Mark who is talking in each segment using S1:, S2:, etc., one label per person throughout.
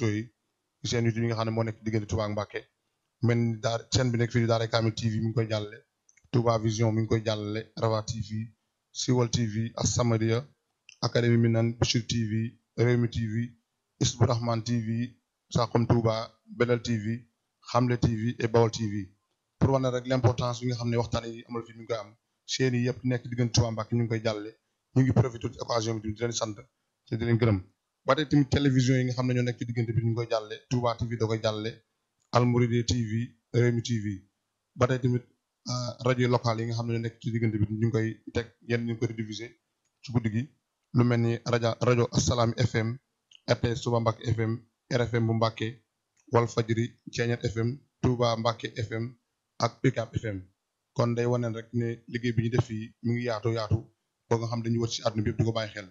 S1: yi chaîne YouTube yi nga xam ne moo nekk diggante Touba ak Mbacké mel ni daa chaîne bi nekk fii am Kamil TV mi ngi koy jàllale Touba Vision mi ngi koy jàllale Rawa TV a TV As-Samadia Académie Minan Bichri TV Rewmi TV Isbu Rahman TV Saxum tuba Belal TV Xamle TV et Bawol TV pour wane rek l'importance bi nga xam ne waxtan yi amul fi mi ngi koy am chaîne yi yëpp nekk diggante Touba Mbacké ñu ngi koy jàllale ñu ngi profité ci occasion bi di leen sant te di leen ba tey tamit télévision yi nga xam ne ñoo nekk ci diggante bi ñu ngi koy jàllale Touba TV da koy jàllale Almouride TV Rewmi TV ba tey tamit euh, rajo locale yi nga xam ne ñoo nekk ci diggante bi ñu ngi koy teg yenn ñu ngi koy rediffusé ci guddi gi lu mel ni rajo rajo Assalaamy FM RTS Touba Mbacké FM RFM bu wal Walfadjri Ceeñet FM Touba Mbacké FM ak Picap FM kon day waneen rek ne liggéey bi ñu def fii mi ngi yaatu yaatu boo nga xam dañuy wër ci àdduna bi yëpp ko bàyyi xel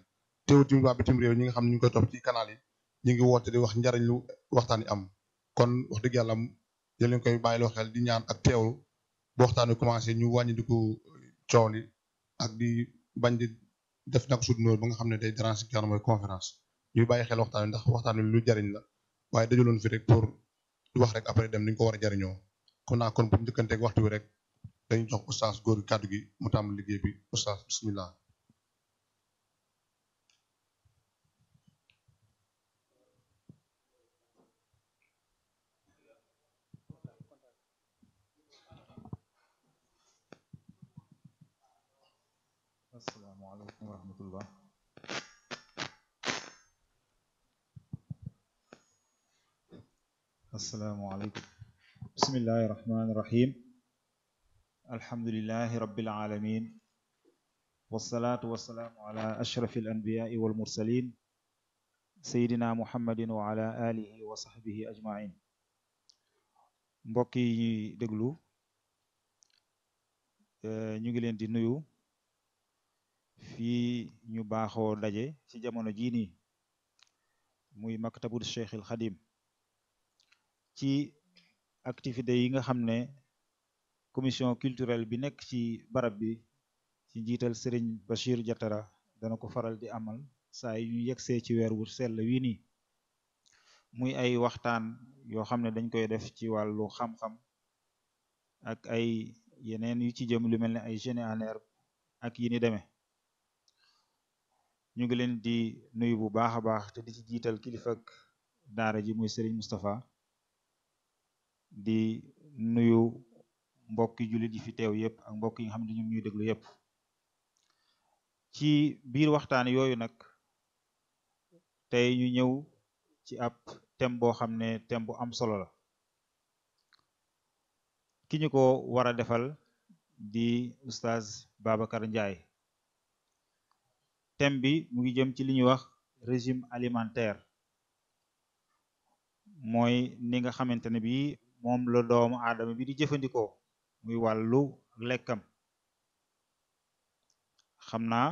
S1: teewut tamit waa bitim réew ñi nga xam ne ñu ngi koy topp ci canal yi ñu ngi woote di wax njariñ lu waxtaan yi am kon wax dëgg yàlla yéen leen koy bàyyiloo xel di ñaan ak teewlu bu waxtaan commencé ñu wàññi di ko coow li ak di bañ di def nag suuf noonu ba nga xam ne day déranger ki mooy conférence ñuy bàyyi xel waxtaan wi ndax waxtaan wi lu jariñ la waaye dajaloon fi rek pour di wax rek après dem ni ñu ko war a jariñoo kon naa kon bu njëkkanteeg waxtu wi rek dañu jox oustaz góor gi kàddu gi mu liggéey bi oustaz bismillah
S2: asalaamualeykum bismillahi irrahmani irrahim alhamdulilahi rabilalamin wasalaatu wasalaamu ala ashrafi alanbiyaai walmursalin sayidina muhammadin wa ala alihi wa sahbihi ajmain mbokk yi ñuy déglu euh, ñu ngi leen di nuyu fii ñu baaxo daje ci jamono jii nii muy maktabul cheikh al ci activités yi nga xam ne commission culturelle bi nekk ci barab bi ci njiital Serigne Bachir Diatara dana ko faral di amal saa yu ñu yegsee ci weer wu sell wii nii muy ay waxtaan yoo xam ne dañ koy def ci wàllu xam-xam ak ay yeneen yu ci jëm lu mel ne ay jeunes en herbe ak yi ni demee ñu ngi leen di nuyu bu baax a baax te di ci jiital kilifa ak daara ji muy Serigne Moustapha di nuyu mbokki jullit yi fi teew yëpp ak mbokk yi nga xam ne ñuy déglu yëpp ci biir waxtaan yooyu nag tey ñu ñëw ci ab thème boo xam ne thème bu am solo la ki ñu ko war a defal di oustaz Babacar njaay thème bi mu ngi jëm ci li ñuy wax régime alimentaire mooy ni nga xamante ne moom la doomu aadama bi di jëfandikoo muy wàllu lekkam xam naa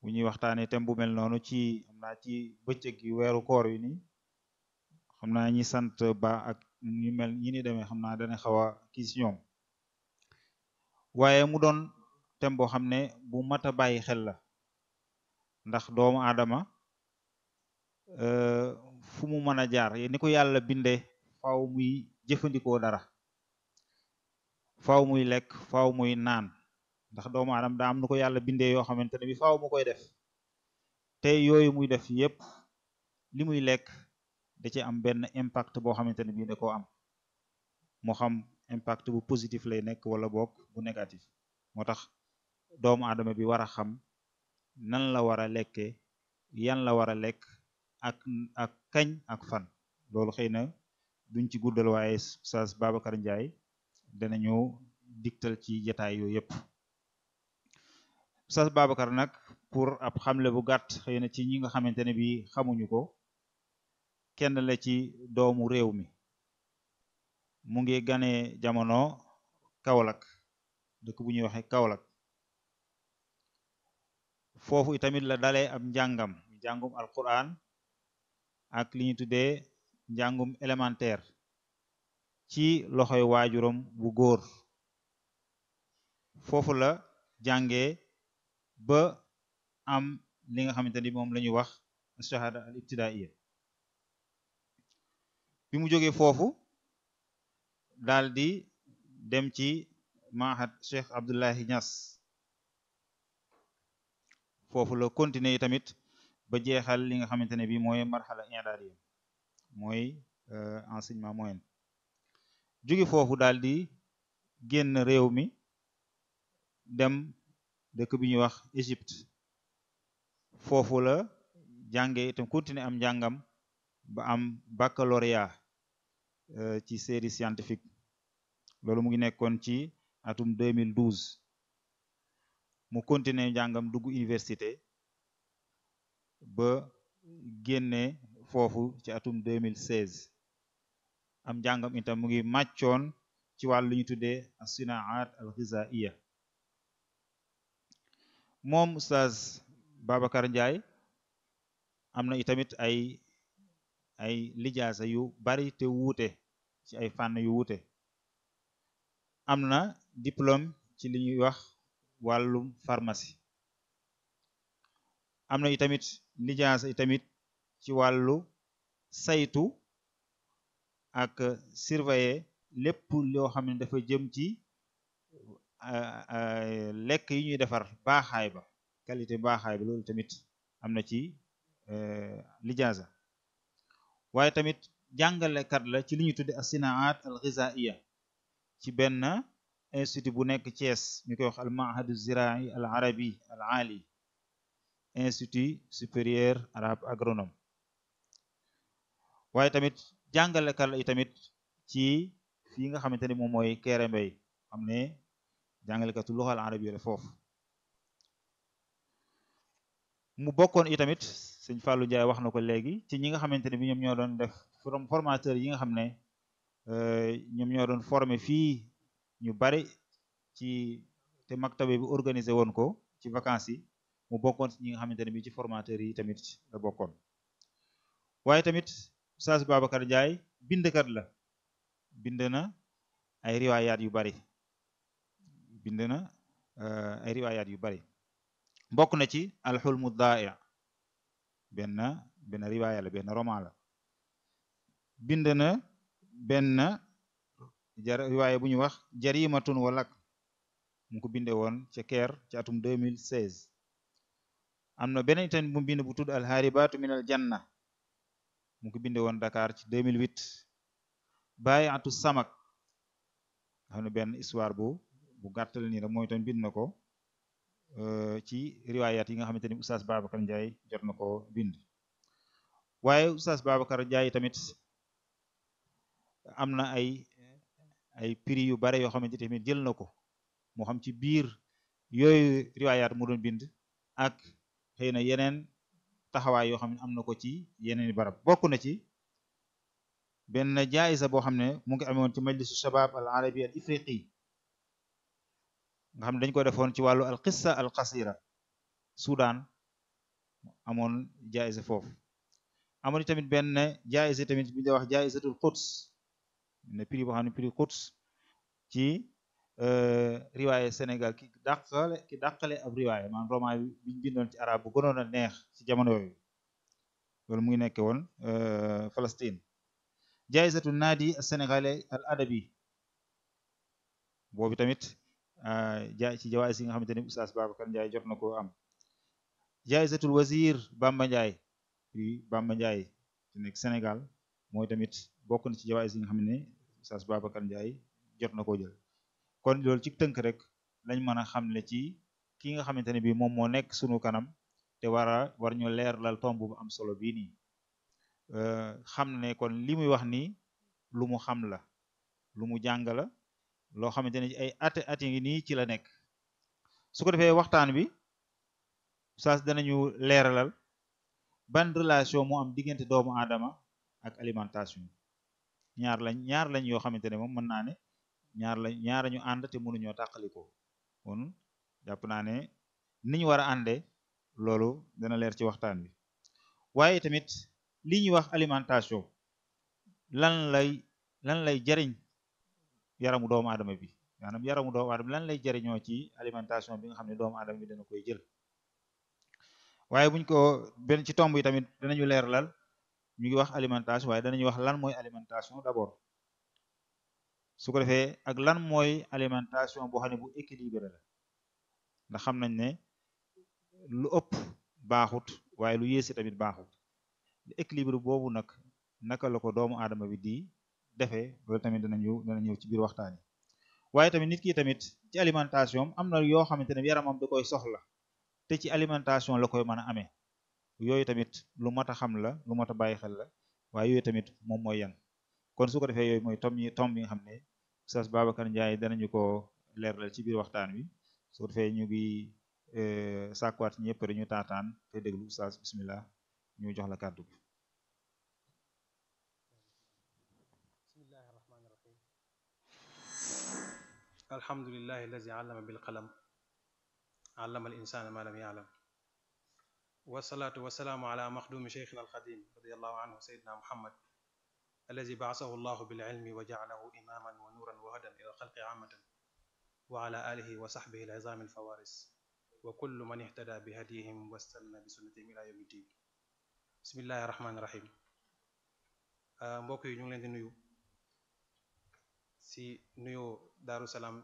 S2: bu ñuy waxtaanee thème bu mel noonu ci xam naa ci bëccëg weeru koor wi ni xam naa ñi sant ba ak ñu mel ñi ni deme xam naa dana xaw a kii ñoom waaye mu doon thème boo xam ne bu mat a bàyyi xel la ndax doomu aadama euh, fu mu mën a jaar ni ko yàlla binde faaw muy jëfandikoo dara faaw muy lekk faaw muy naan ndax doom aadama daa am nu ko yàlla bindee yoo xamante ne bi faw mu koy def te yooyu muy def yépp li muy lekk da ci am benn impact boo xamante ne bii da am mu xam impact bu positif lay nekk wala boog bu négatif moo tax doomu aadama bi war a xam nan la war a lekkee yan la war a lekk ak ak kañ ak fan loolu xëy duñ ci guddal waaye Oustaz Babacar Ndiaye danañu diktal ci jataay yooyu yëpp Oustaz Babacar nag pour ab xamle bu gàtt xëy na ci ñi nga xamante ne bi xamuñu ko kenn la ci doomu réew mi mu ngi gane jamono kawlak dëkk bu ñuy waxe Kaolack foofu itamit la dalee ab njàngam njàngum alquran ak li ñu tuddee njàngum élémentaire ci loxoy waajuram bu góor foofu la jàngee ba am li nga xamante ni moom la ñuy wax shahada al ibtidaiya bi mu jógee foofu daal di dem ci mahad Cheikh Abdullahi Niass foofu la continuer yi tamit ba jeexal li nga xamante ne bi mooy marxala indaariya mooy euh, enseignement moyen jóge foofu daal di génn réew mi dem dëkk bi ñuy wax Égypte foofu la jànge te continuer am njàngam ba am baccalauréat euh, ci série scientifique loolu mu ngi nekkoon ci atum 2012 mu continuer njàngam dugg université ba génne foofu ci atum 2016 am njàngam itam mu ngi màccoon ci wàllu lu ñu tuddee asinaat al ghizaiya moom oustaz Babacar Ndiaye am na itamit ay ay lijaasa yu bari te wuute ci ay fànn yu wuute am na diplôme ci li ñuy wax wàllum pharmacie am na itamit lijaasa itamit ci wàllu saytu ak surveiller lépp loo xam ne dafa jëm ci euh, euh, lekk yi ñuy defar baaxaay ba qualité baaxaay ba loolu tamit am na ci euh, lijaasa waaye tamit jàngalekat la ci li ñuy tudde asinaat al ghizaiya ci benn institut bu nekk Thiès ñu koy wax al mahadu zirai al arabi al ali institut supérieur agronome waaye tamit jàngalekat lay tamit ci fii nga xamante ni moom mooy Kéré Mbaye xam ne jàngalekatu loxal arab yi la foofu mu bokkoon i tamit sëñ Fallou Ndiaye wax na ko léegi ci ñi nga xamante ne bi ñoom ñoo doon def formateur yi nga xam ne euh, ñoom ñoo doon formé fii ñu bari ci te maktabe bi organiser woon ko ci vacances yi mu bokkoon ci ñi nga xamante ne bi ci formateur yi tamit la bokkoon waaye tamit Oustaz Babacar Ndiaye bindkat la bind na ay yu bari bind na eh, ay riwaayaat yu bari bokk na ci alxulmu daai benn benn riwaaya la benn roman la bind na benn jar riwaaya bu ñu wax jarimatun wa lak mu ko binde woon ca Caire ci atum 2016 am na beneen tamit mu bind bu tudd alxaaribaatu min al mu ko bindee woon Dakar ci 2008 bàyyi atu samak xam ne benn histoire bu bu gàttal nii la mooy toon bind na ko euh, ci riwaayaat yi nga xamante ni Oustaz Babacar Ndiaye jot na ko bind waaye Oustaz Babacar Ndiaye tamit am na ay ay prix yu bare yoo xamante tamit jël na ko moo xam ci biir yooyu riwaayaat mu doon bind ak xëy yeneen taxawaay yoo xam ne am na ko ci yeneen i barab bokk na ci benn jaayisa boo xam ne mu ngi amoon ci majlisu shabab al arabi nga xam ne dañ ko defoon ci wàllu al qissa al qasira Soudan amoon jaayisa foofu amoon tamit benn jaayisa wax jaayisatul quds ne prix xam ne prix quds ci Euh, riwaayé Sénégal ki dàqale ki dàqale ab riwaayé maanaam roman bi ñu ci arab bu a neex ci jamono yooyu loolu mu ngi nekk woon euh, Palestine jaizatu naadi sénégalais al adabi boobu tamit euh, jaay ci jawaayis yi nga xamante ne Oustaz Babacar jot na ko am jaizatul nekk Sénégal mooy tamit bokk ci jawaayis yi nga xam ne Oustaz Babacar Ndiaye jot na koo jël kon loolu ci tënk rek lañ mën a xamle ci ki nga xamante ne bii moom moo nekk sunu kanam te war a war ñu leerlal tomb bu am solo bii nii euh, xam ne kon li muy wax nii lu mu xam la lu mu jàng la loo xamante ne ay at at yi nii ci la nekk su ko defee waxtaan bi saas danañu leeralal ban relation moo am diggante doomu aadama ak alimentation ñaar lañ ñaar lañ yoo xamante ne moom mën naa ne ñaar la ñaara ñu ànd te mënuñoo tàqalikoo kon jàpp naa ne ni ñu war a àndee loolu dana leer ci waxtaan wi waaye tamit li ñuy wax alimentation lan lay lan lay jariñ yaramu doomu aadama bi maanaam yaramu doomu aadama lan lay jariñoo ci alimentation bi nga xam ne doomu aadama bi dana koy jël waaye buñ ko benn ci tomb yi tamit danañu leer lal ñu ngi wax alimentation waaye danañu wax lan mooy alimentation d'abord su ko defee ak lan mooy alimentation boo xam ne bu équilibré la ndax xam nañ ne lu ëpp baaxut waaye lu yées tamit baaxut équilibre boobu nag naka la ko doomu aadama bi di defee loolu tamit dana ñëw dana ñëw ci biir waxtaan yi waaye tamit nit ki tamit ci alimentation am na yoo xamante ne yaramam da koy soxla te ci alimentation la koy mën a amee yooyu tamit lu mat a xam la lu mat a bàyyi xel la waaye yooyu tamit moom mooy yan kon su ko defee yooyu mooy tom yi tom bi nga xam ne Oustaz Babacar Ndiaye danañu ko leerlal ci biir waxtaan wi su ko defee ñu ngi e, sàkkuwaat ñëpp rek ñu taataan te déglu Oustaz bismillah ñu jox la kàddu gi
S3: bismillahi rahmani rahim alhamdulillahi allazi allama bil qalam allama al insana ma lam ya'lam wasalaatu wasalaamu ala maxdumi cheikhina alxadim radiallahu anhu sayidina muhammad alladi baasahu llahu bililmi wa jaalahu imaman wa nuuran wa hadan ila alxalqi aamatan wa ala alihi wa saxbihi alizaami alfawaris wa kullu man ihtada bi hadiyihim wa stanna bi sunnatihim ila yawmi ddin bismillahi rahmaani rahim mbokk yi ñu ngi leen di nuyu si nuyoo daaru salaam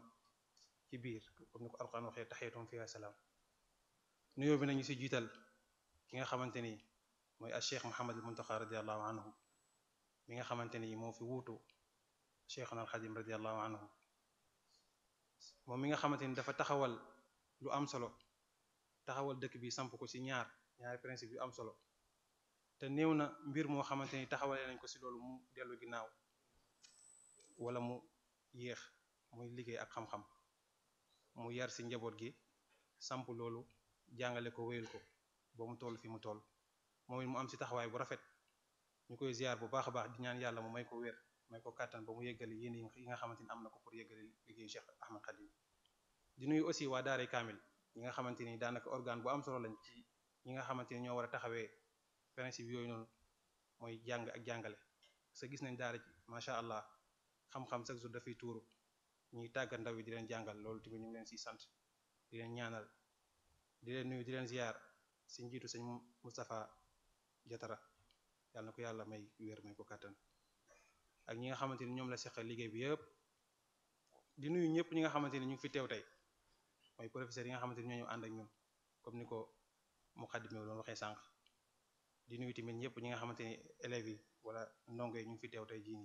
S3: ci biir comme ni ko alquran waxee taxiyatum fiha salaam nuyoo bi nañu si jiital ki nga xamante ni mooy a cheikh Mouhamadul Muntaxa radiallahu anhu mi nga xamante ni moo fi wuutu cheikhuna alxadim radiallahu anhu moom mi nga xamante ni dafa taxawal lu am solo taxawal dëkk bi samp ko ci ñaar ñaari principe yu am solo te néew na mbir moo xamante ni taxawale nañ ko ci loolu mu dellu ginnaaw wala mu yéex muy liggéey ak xam-xam mu yar ci njaboot gi samp loolu jàngale ko wéyal ko ba mu toll fi mu toll moom it mu am ci taxawaay bu rafet ñu koy ziar bu baax a baax di ñaan yàlla mu may ko wér may ko kàttan ba mu yëggale yéen yi nga xamante am na ko pour yëggale liggéeyu Cheikh Ahmad Khadim di nuyu aussi waa Daaray Kaamil ñi nga xamante ni daanaka organe bu am solo lañ ci ñi nga xamante ni ñoo war a taxawee principe yooyu noonu mooy jàng ak jàngale sa gis nañ daara ci macha allah xam-xam chaque jour dafay tuuru ñuy tàggat ndaw yi di leen jàngal loolu tamit ñu ngi leen siy sant di leen ñaanal di leen nuy di leen ziar si njiitu sëñ Moustapha Jatara yàlla na ko yàlla may wér may ko kàttan ak ñi nga xamante ni ñoom la seqal liggéey bi yëpp di nuyu ñëpp ñi nga xamante ni ñu ngi fi teew tey mooy professeur yi xamante ni ñoo ànd ak ñun comme ni ko muqaddime bi doon waxee sànq di nuyu tamit ñëpp ñi nga xamante ni élèves yi wala ndongo yi ñu ngi fi teew tey jii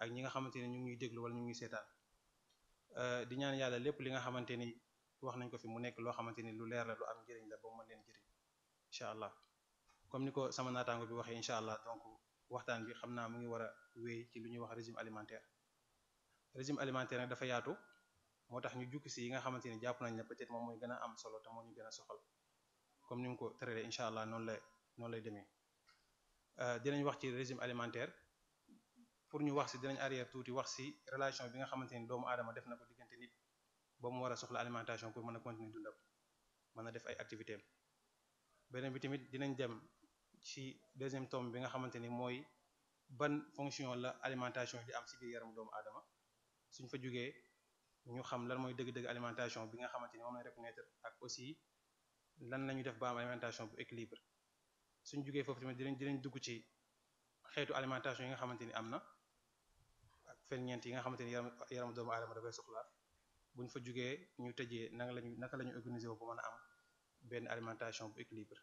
S3: ak ñi nga xamante ni ñu ngi ñuy déglu wala ñu ngi seetaan euh, di ñaan yàlla lépp li nga xamante ni wax nañ ko fi mu nekk loo xamante ni lu leer la lu am njëriñ la ba mu mën leen njëriñ incha allah comme ni ko sama naataango bi waxee incha allah donc waxtaan bi xam naa mu ngi war a wéy ci lu ñuy wax régime alimentaire régime alimentaire dafa yaatu moo tax ñu jukki si yi nga xamante ni jàpp nañ ne peut-être moom mooy gën a am solo te moo ñu gën a soxal comme ni mu ko tëralee incha allah noonu lay noonu lay demee euh, dinañ wax ci régime alimentaire pour ñu wax si dinañ arrière tuuti wax si relation bi nga xamante ni doomu aadama def na ko diggante nit ba mu war a soxla alimentation pour mën a continuer dundam mën a def ay activités am ci deuxième tome bi nga xamante ni mooy ban fonction la alimentation di am si biir yaramu doomu adama suñ fa jógee ñu xam lan mooy dëgg-dëgg alimentation bi nga xamante ni moom lañ reconnaître ak aussi lan la ñu def ba am alimentation bu équilibre suñ jógee foofu tamit dinañ dinañ dugg ci xeetu alimentation yi nga xamante ni am na ak ferñeent yi nga xamante ni yaram yaramu doomu aadama dafay soxla buñ fa jógee ñu tëjee naka lañu naka la ñu organiser wu ba mën a am benn alimentation bu équilibre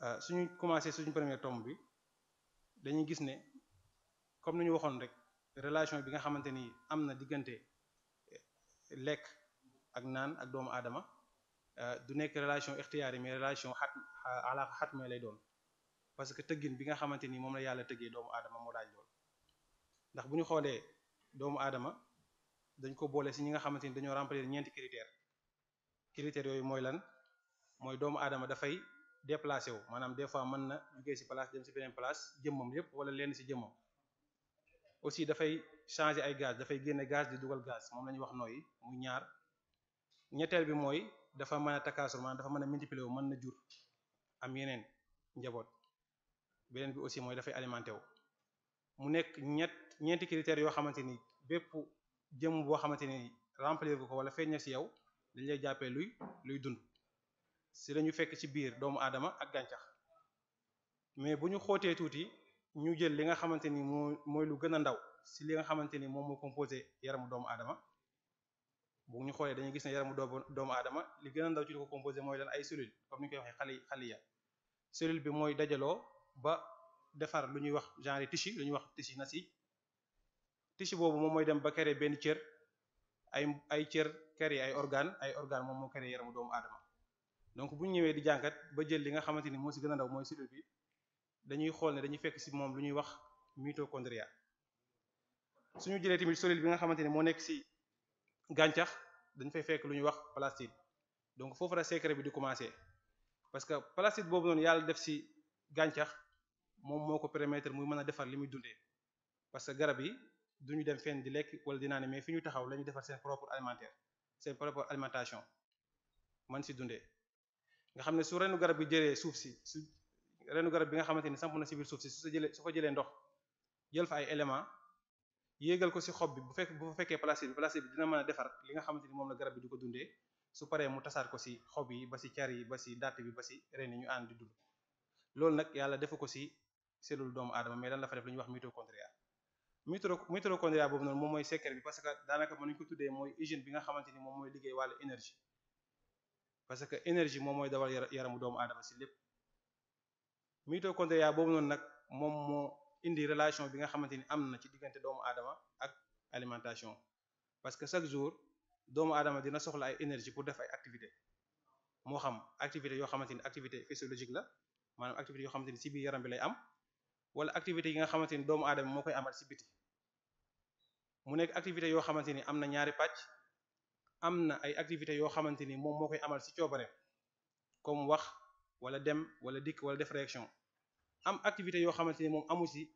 S3: Euh, suñu commencé suñu premier tome bi dañuy gis ne comme ni ñu waxoon rek relation bi nga xamante ni am na diggante eh, lekk ak naan ak doomu aadama euh, du nekk relation ixtiyaar mais relation xat ala xat mee lay doon parce que tëggin bi nga xamante ni moom la yàlla tëggee doomu aadama moo laaj lool ndax bu ñu xoolee doomu aadama dañ ko boole si ñi nga xamante ni dañoo remplir ñeenti critères critères yooyu mooy lan mooy doomu aadama dafay déplacé wu maanaam des fois mën na jugee si place dem si beneen place jëmmam yépp wala lenn si jëmmam aussi dafay changer ay gaz dafay génne gaz di dugal gaz moom la ñuy wax nooy mu ñaar ñetteel bi mooy dafa mën a takkaasur dafa mën a multiplier wu mën na jur am yeneen njaboot beneen bi aussi mooy dafay alimenté wu mu nekk ñett ñeenti critères yoo xamante ni bépp jëmm boo xamante ni remplir ko ko wala feeñ na si yow dañ lay jàppee luy luy dund si lañu fekk ci biir doomu aadama ak gàncax mais bu ñu xootee tuuti ñu jël li nga xamante ni moo mooy lu gën a ndaw si li nga xamante ni moom moo composé yaramu doomu aadama bu ñu xoolee dañu gis ne yaramu doomu doomu aadama li gën a ndaw ci li ko composé mooy lan ay cellules comme ni ñu koy waxee xali bi mooy dajaloo ba defar lu ñuy wax genre tissu lu ñuy wax na nasi tissu boobu moom mooy dem ba créer benn cër ay ay cër créer ay organe ay organe moom moo créer yaramu doomu aadama donc bu ñu ñëwee di jàngat ba jël li nga xamante ni moo si gën a ndaw mooy cellule bi dañuy xool ne dañuy fekk si moom lu ñuy wax mitochondria suñu jëlee tamit cellule bi nga xamante ni moo nekk si gàncax dañ fay fekk lu ñuy wax plastide donc foofu la secret bi di commencer parce que plastide boobu noonu yàlla def si gàncax moom moo ko permettre muy mën a defar li muy dundee parce que garab yi duñu dem fenn di lekk wala di ne mais fi ñu taxaw la ñu defar seen propre alimentaire seen propre alimentation man si dundee nga xam ne su renu garab bi jëlee suuf si su renu garab bi nga xamante ni samp na si biir suuf si su jëlee su fa jëlee ndox jël fa ay élément yéegal ko si xob bi bu bu fa fekkee plastique bi dina mën a defar li nga xamante ni moom la garab bi di ko dundee su paree mu tasaar ko si xob yi ba si car yi ba si datt bi ba si ren yi ñu ànd di dund loolu nag yàlla defu ko si cellule doomu aadama mais lan la fa def lu ñuy wax mitochondria mitochondria boobu noonu moom mooy secret bi parce que daanaka mënuñ ko tuddee mooy hygiène bi nga xamante ni moom liggéey wàllu énergie parce que énergie moom mooy dawal yaramu doomu aadama si lépp mitochondria boobu noonu nag moom moo indi relation bi nga xamante ni am na ci diggante doomu aadama ak alimentation parce que chaque jour doomu adama dina soxla ay énergie pour def ay activité moo xam activité yoo xamante ni activité physiologique la maanaam activité yoo xamante ni si biir yaram bi lay am wala activité yi nga xamante ni doomu aadama moo koy amal si biti mu nekk activité yoo xamante ni am na ñaari pàcc am na ay activités yoo xamante ni moom moo koy amal ci coobareem comme wax wala dem wala dikk wala def réaction am activité yoo xamante ni moom amu ci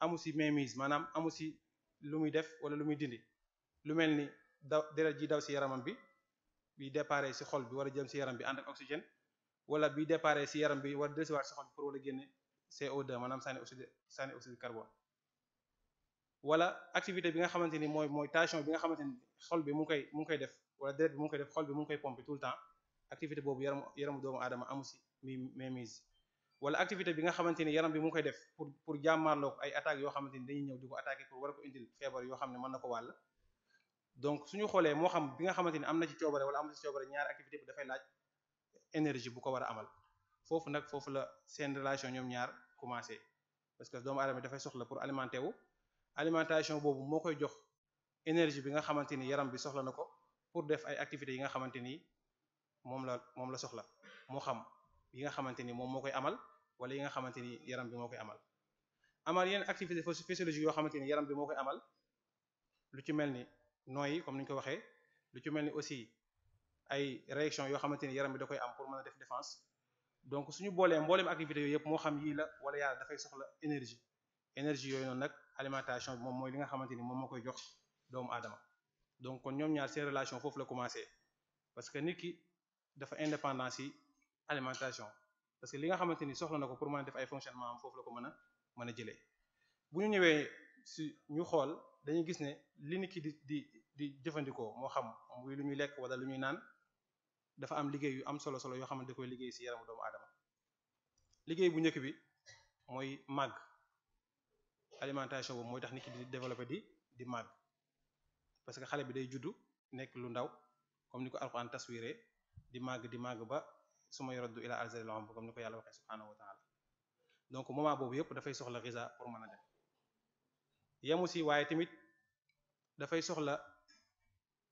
S3: amu ci mainmise maanaam amu ci lu muy def wala lu muy dindi lu mel ni daw deret ji daw ci yaramam bi bi déparé ci xol bi war a jëm ci yaram bi ànd ak oxygène wala bi déparé ci yaram bi war a dellusiwaat ci xol bi génne CO2 maanaam sànni oxyde sànni oxyde carbone wala activité bi nga xamante ni mooy mooy bi nga xamante ni xol bi mu koy mu ngi koy def wala deret bi mu ngi koy def xol bi mu ngi koy pomper tout le temps activité boobu yaramu yaramu doomu aadama amu si mi wala activité bi nga xamante ni yaram bi mu ngi koy def pour pour jàmmaarloo ko ay attaques yoo xamante ni dañuy ñëw di ko attaquer pour war feebar yoo xam ne mën na ko wàll donc suñu xoolee moo xam bi nga xamante ni am na ci coobare wala am na ci coobare ñaari activité bi dafay bu ko war a amal foofu nag foofu la seen ñoom ñaar commencé parce que doomu aadama dafay soxla pour alimenter wu alimentation boobu moo koy jox énergie bi nga xamante ni yaram bi soxla na ko pour def ay activités yi nga xamante ni moom la moom la soxla moo xam yi nga xamante ni moom moo koy amal wala yi nga xamante ni yaram bi moo koy amal amal yenn activité physiologique yoo xamante ni yaram bi moo koy amal lu ci mel ni nooyi comme ni ñu ko waxee lu ci mel ni aussi ay réaction yoo xamante ni yaram bi da koy am pour mën a def défense donc suñu boolee mbooleem activités yooyu yëpp moo xam yii la wala yàlla dafay soxla énergie énergie yooy noonu nag alimentation bi moom mooy li nga xamante ni moom moo koy jox doomu aadama donc kon ñoom ñaar seen relation foofu la commencé parce que nit ki dafa indépendance ci alimentation parce que li nga xamante ni soxla na ko pour mën def ay fonctionnement am foofu la ko mën a mën jëlee bu ñu ñëwee si ñu xool dañuy gis ne li nit ki di di di jëfandikoo moo xam muy lu ñuy lekk wala lu ñuy naan dafa am liggéey yu am solo solo yoo xamante ne koy liggéey si yaramu doomu aadama liggéey bu njëkk bi mooy màgg alimentation boobu mooy tax nit ki di développé di di màgg parce que xale bi day juddu nekk lu ndaw comme ni ko alquran taswiré di màgg di màgg ba su ma yoroddu ila arzalil umr comme ni ko yàlla waxee subhanahu wa taala donc moment boobu yëpp dafay soxla gisa pour man a dem yemu waaye tamit dafay soxla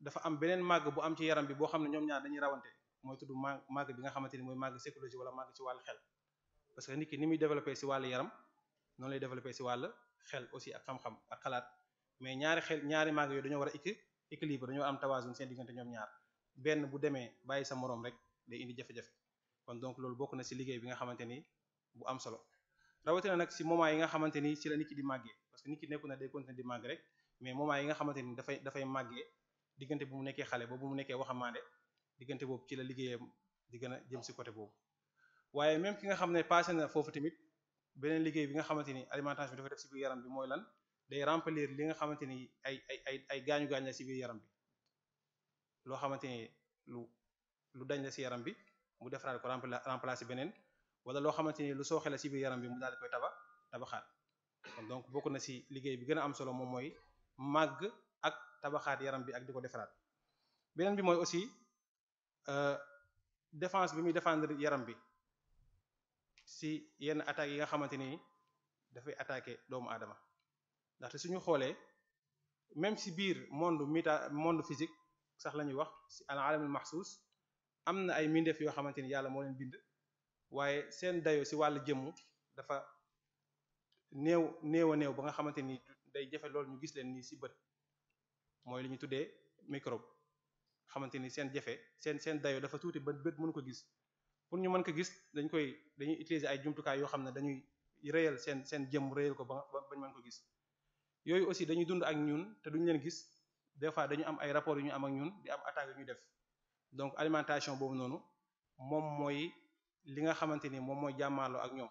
S3: dafa am beneen màgg bu am ci yaram bi boo xam ne ñoom ñaar dañuy rawante mooy tudd màgg màgg bi nga xamante ni mooy màgg psychologie wala màgg ci wàllu xel parce que nit ki ni muy développé si wàllu yaram noonu lay développé si wàll xel aussi ak xam ak xalaat mais ñaari xel ñaari màgg yooyu dañoo war a équilibre dañoo am tawaasun seen diggante ñoom ñaar benn bu demee bàyyi sa moroom rek day indi jafe-jafe kon donc loolu bokk na si liggéey bi nga xamante ni bu am solo rawatina nag ci moment yi nga xamante ni ci la nit ki di que nit ki nekku na day continuer rek mais moment yi nga ni dafay dafay màggee diggante bu mu nekkee xale ba bu mu nekkee waxamaande diggante boobu ci la liggéeyam di gën a jëm si côté boobu waaye même ki nga xam ne passé na foofu tamit beneen liggéey bi nga xamante ni alimentation bi dafa def ci biir yaram bi mooy lan day remplir li nga xamante ni ay ay ay gaañu gaañ la ci biir yaram bi loo xamante ni lu lu dañ la si yaram bi mu defaraat ko remplacer beneen wala loo xamante ni lu sooxe la ci biir yaram bi mu daal di koy tabax tabaxaat donc bokk na ci liggéey bi gën a am solo moom mooy màgg ak tabaxaat yaram bi ak di ko defaraat beneen bi mooy aussi euh, defence bi muy défendre yaram bi si yenn attaques yi nga xamante ni dafay attaquer doomu aadama. ndaxte suñu xoolee même si biir monde méta monde physique sax la ñuy wax si al alamul maxsuus am na ay mbindeef yoo xamante ni yàlla moo leen bind waaye seen dayo si wàllu jëmmu dafa néew néew a ba nga xamante ni day jafe loolu ñu gis leen nii si bët mooy li ñu tuddee microbe xamante ni seen jafe seen seen dayo dafa tuuti ba bët mënu ko gis pour ñu mën ko gis dañ koy dañuy utiliser ay jumtukaay yoo xam ne dañuy réyal seen seen jëm réyal ko ba bañ mën ko gis yooyu aussi dañuy dund ak ñun te duñu leen gis des fois dañu am ay rapports yu ñu am ak ñun di am attaque yu ñu def donc alimentation boobu noonu moom mooy li nga xamante ni moom mooy jàmmaarloo ak ñoom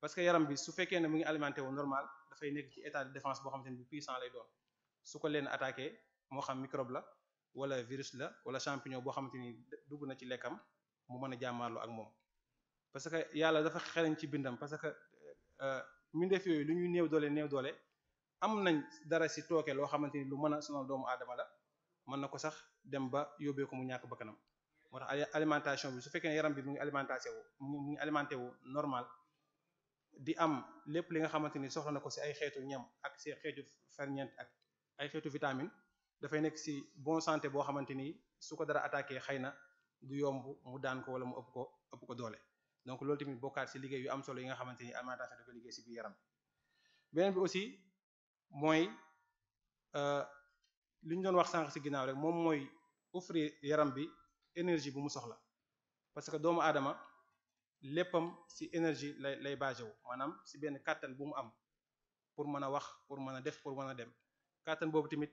S3: parce que yaram bi su fekkee ne mu ngi alimenté wu normal dafay nekk ci état de défense boo xamante ni bu puissant lay doon su ko leen attaqué moo xam microbe la wala virus la wala champignon boo xamante ni dugg na ci lekkam mu mën a jàmmaarloo ak moom parce que yàlla dafa xereñ ci bindam parce que euh, euh, mbindeef yooyu lu ñuy néew doole néew doole am nañ dara si tooke loo xamante ni lu mën a sonal doomu aadama la mën na ko sax dem ba yóbbeeku mu ñàkk bakkanam moo tax alimentation bi su fekkee ne yaram bi mu ngi alimentation wu mu ngi alimenté normal di am lépp li nga xamante ni soxla na ko si ay xeetu ñam ak si xeetu ferñeent ak ay xeetu vitamine dafay nekk si bon santé boo xamante ni su ko dara attaqué xëy na du yomb mu daan ko wala mu ëpp ko ko doole donc loolu tamit bokkaat si liggéey yu am solo yi nga xamante ni alimentation dafa liggéey si biir yaram bi beneen bi aussi mooy euh, li ñu doon wax sànq ci ginnaaw rek moom mooy offrir yaram bi énergie bu mu soxla parce que doomu aadama léppam ci énergie lay lay basé wu maanaam ci benn kàttan bu mu am pour mën a wax pour mën a def pour mën a dem kàttan boobu tamit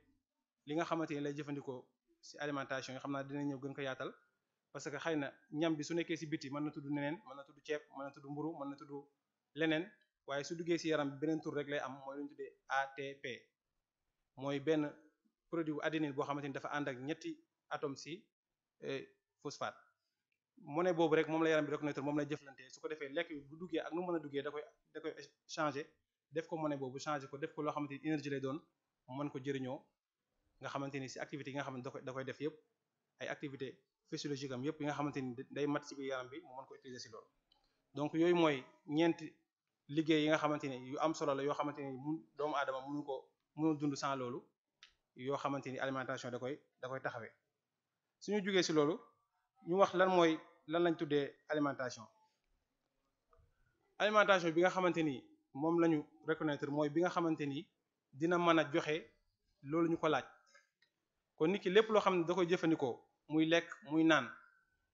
S3: li nga xamante ni lay jëfandikoo ci alimentation yi xam naa dina ñëw gën ko yaatal parce que xëy na ñam bi su nekkee ci biti mën na tudd neneen mën na tudd ceeb mën na tudd mburu mën na tudd leneen waaye su duggee si yaram bi beneen tur rek lay am mooy lu ñu tuddee ATP mooy benn produit bu adénine boo xamante ni dafa ànd ak ñetti atome si eh, phosphate monnaie boobu rek moom la yaram bi reconnaître moom la jëflantee su ko defee lekk bi bu duggee ak nu mën a duggee da koy da koy changé def ko monnaie boobu changé ko def ko loo xamante ni énergie lay doon mën ko jëriñoo nga xamante ni si activité yi nga xamante da koy def yëpp ay activité physiologique am yëpp yi nga xamante ni day mat si bi mu mën ko utiliser si loolu liggéey yi nga xamante ni yu am solo la yoo xamante ni mun doomu aadama mënu ko mënu dund san loolu yoo xamante ni alimentation da koy da koy taxawee suñu jugee si loolu ñu wax lan mooy lan lañ tuddee alimentation alimentation bi nga xamante ni moom la ñu reconnaître mooy bi nga xamante ni dina mën a joxe loolu ñu ko laaj kon nit ki lépp loo xam ne da koy jëfandikoo muy lekk muy naan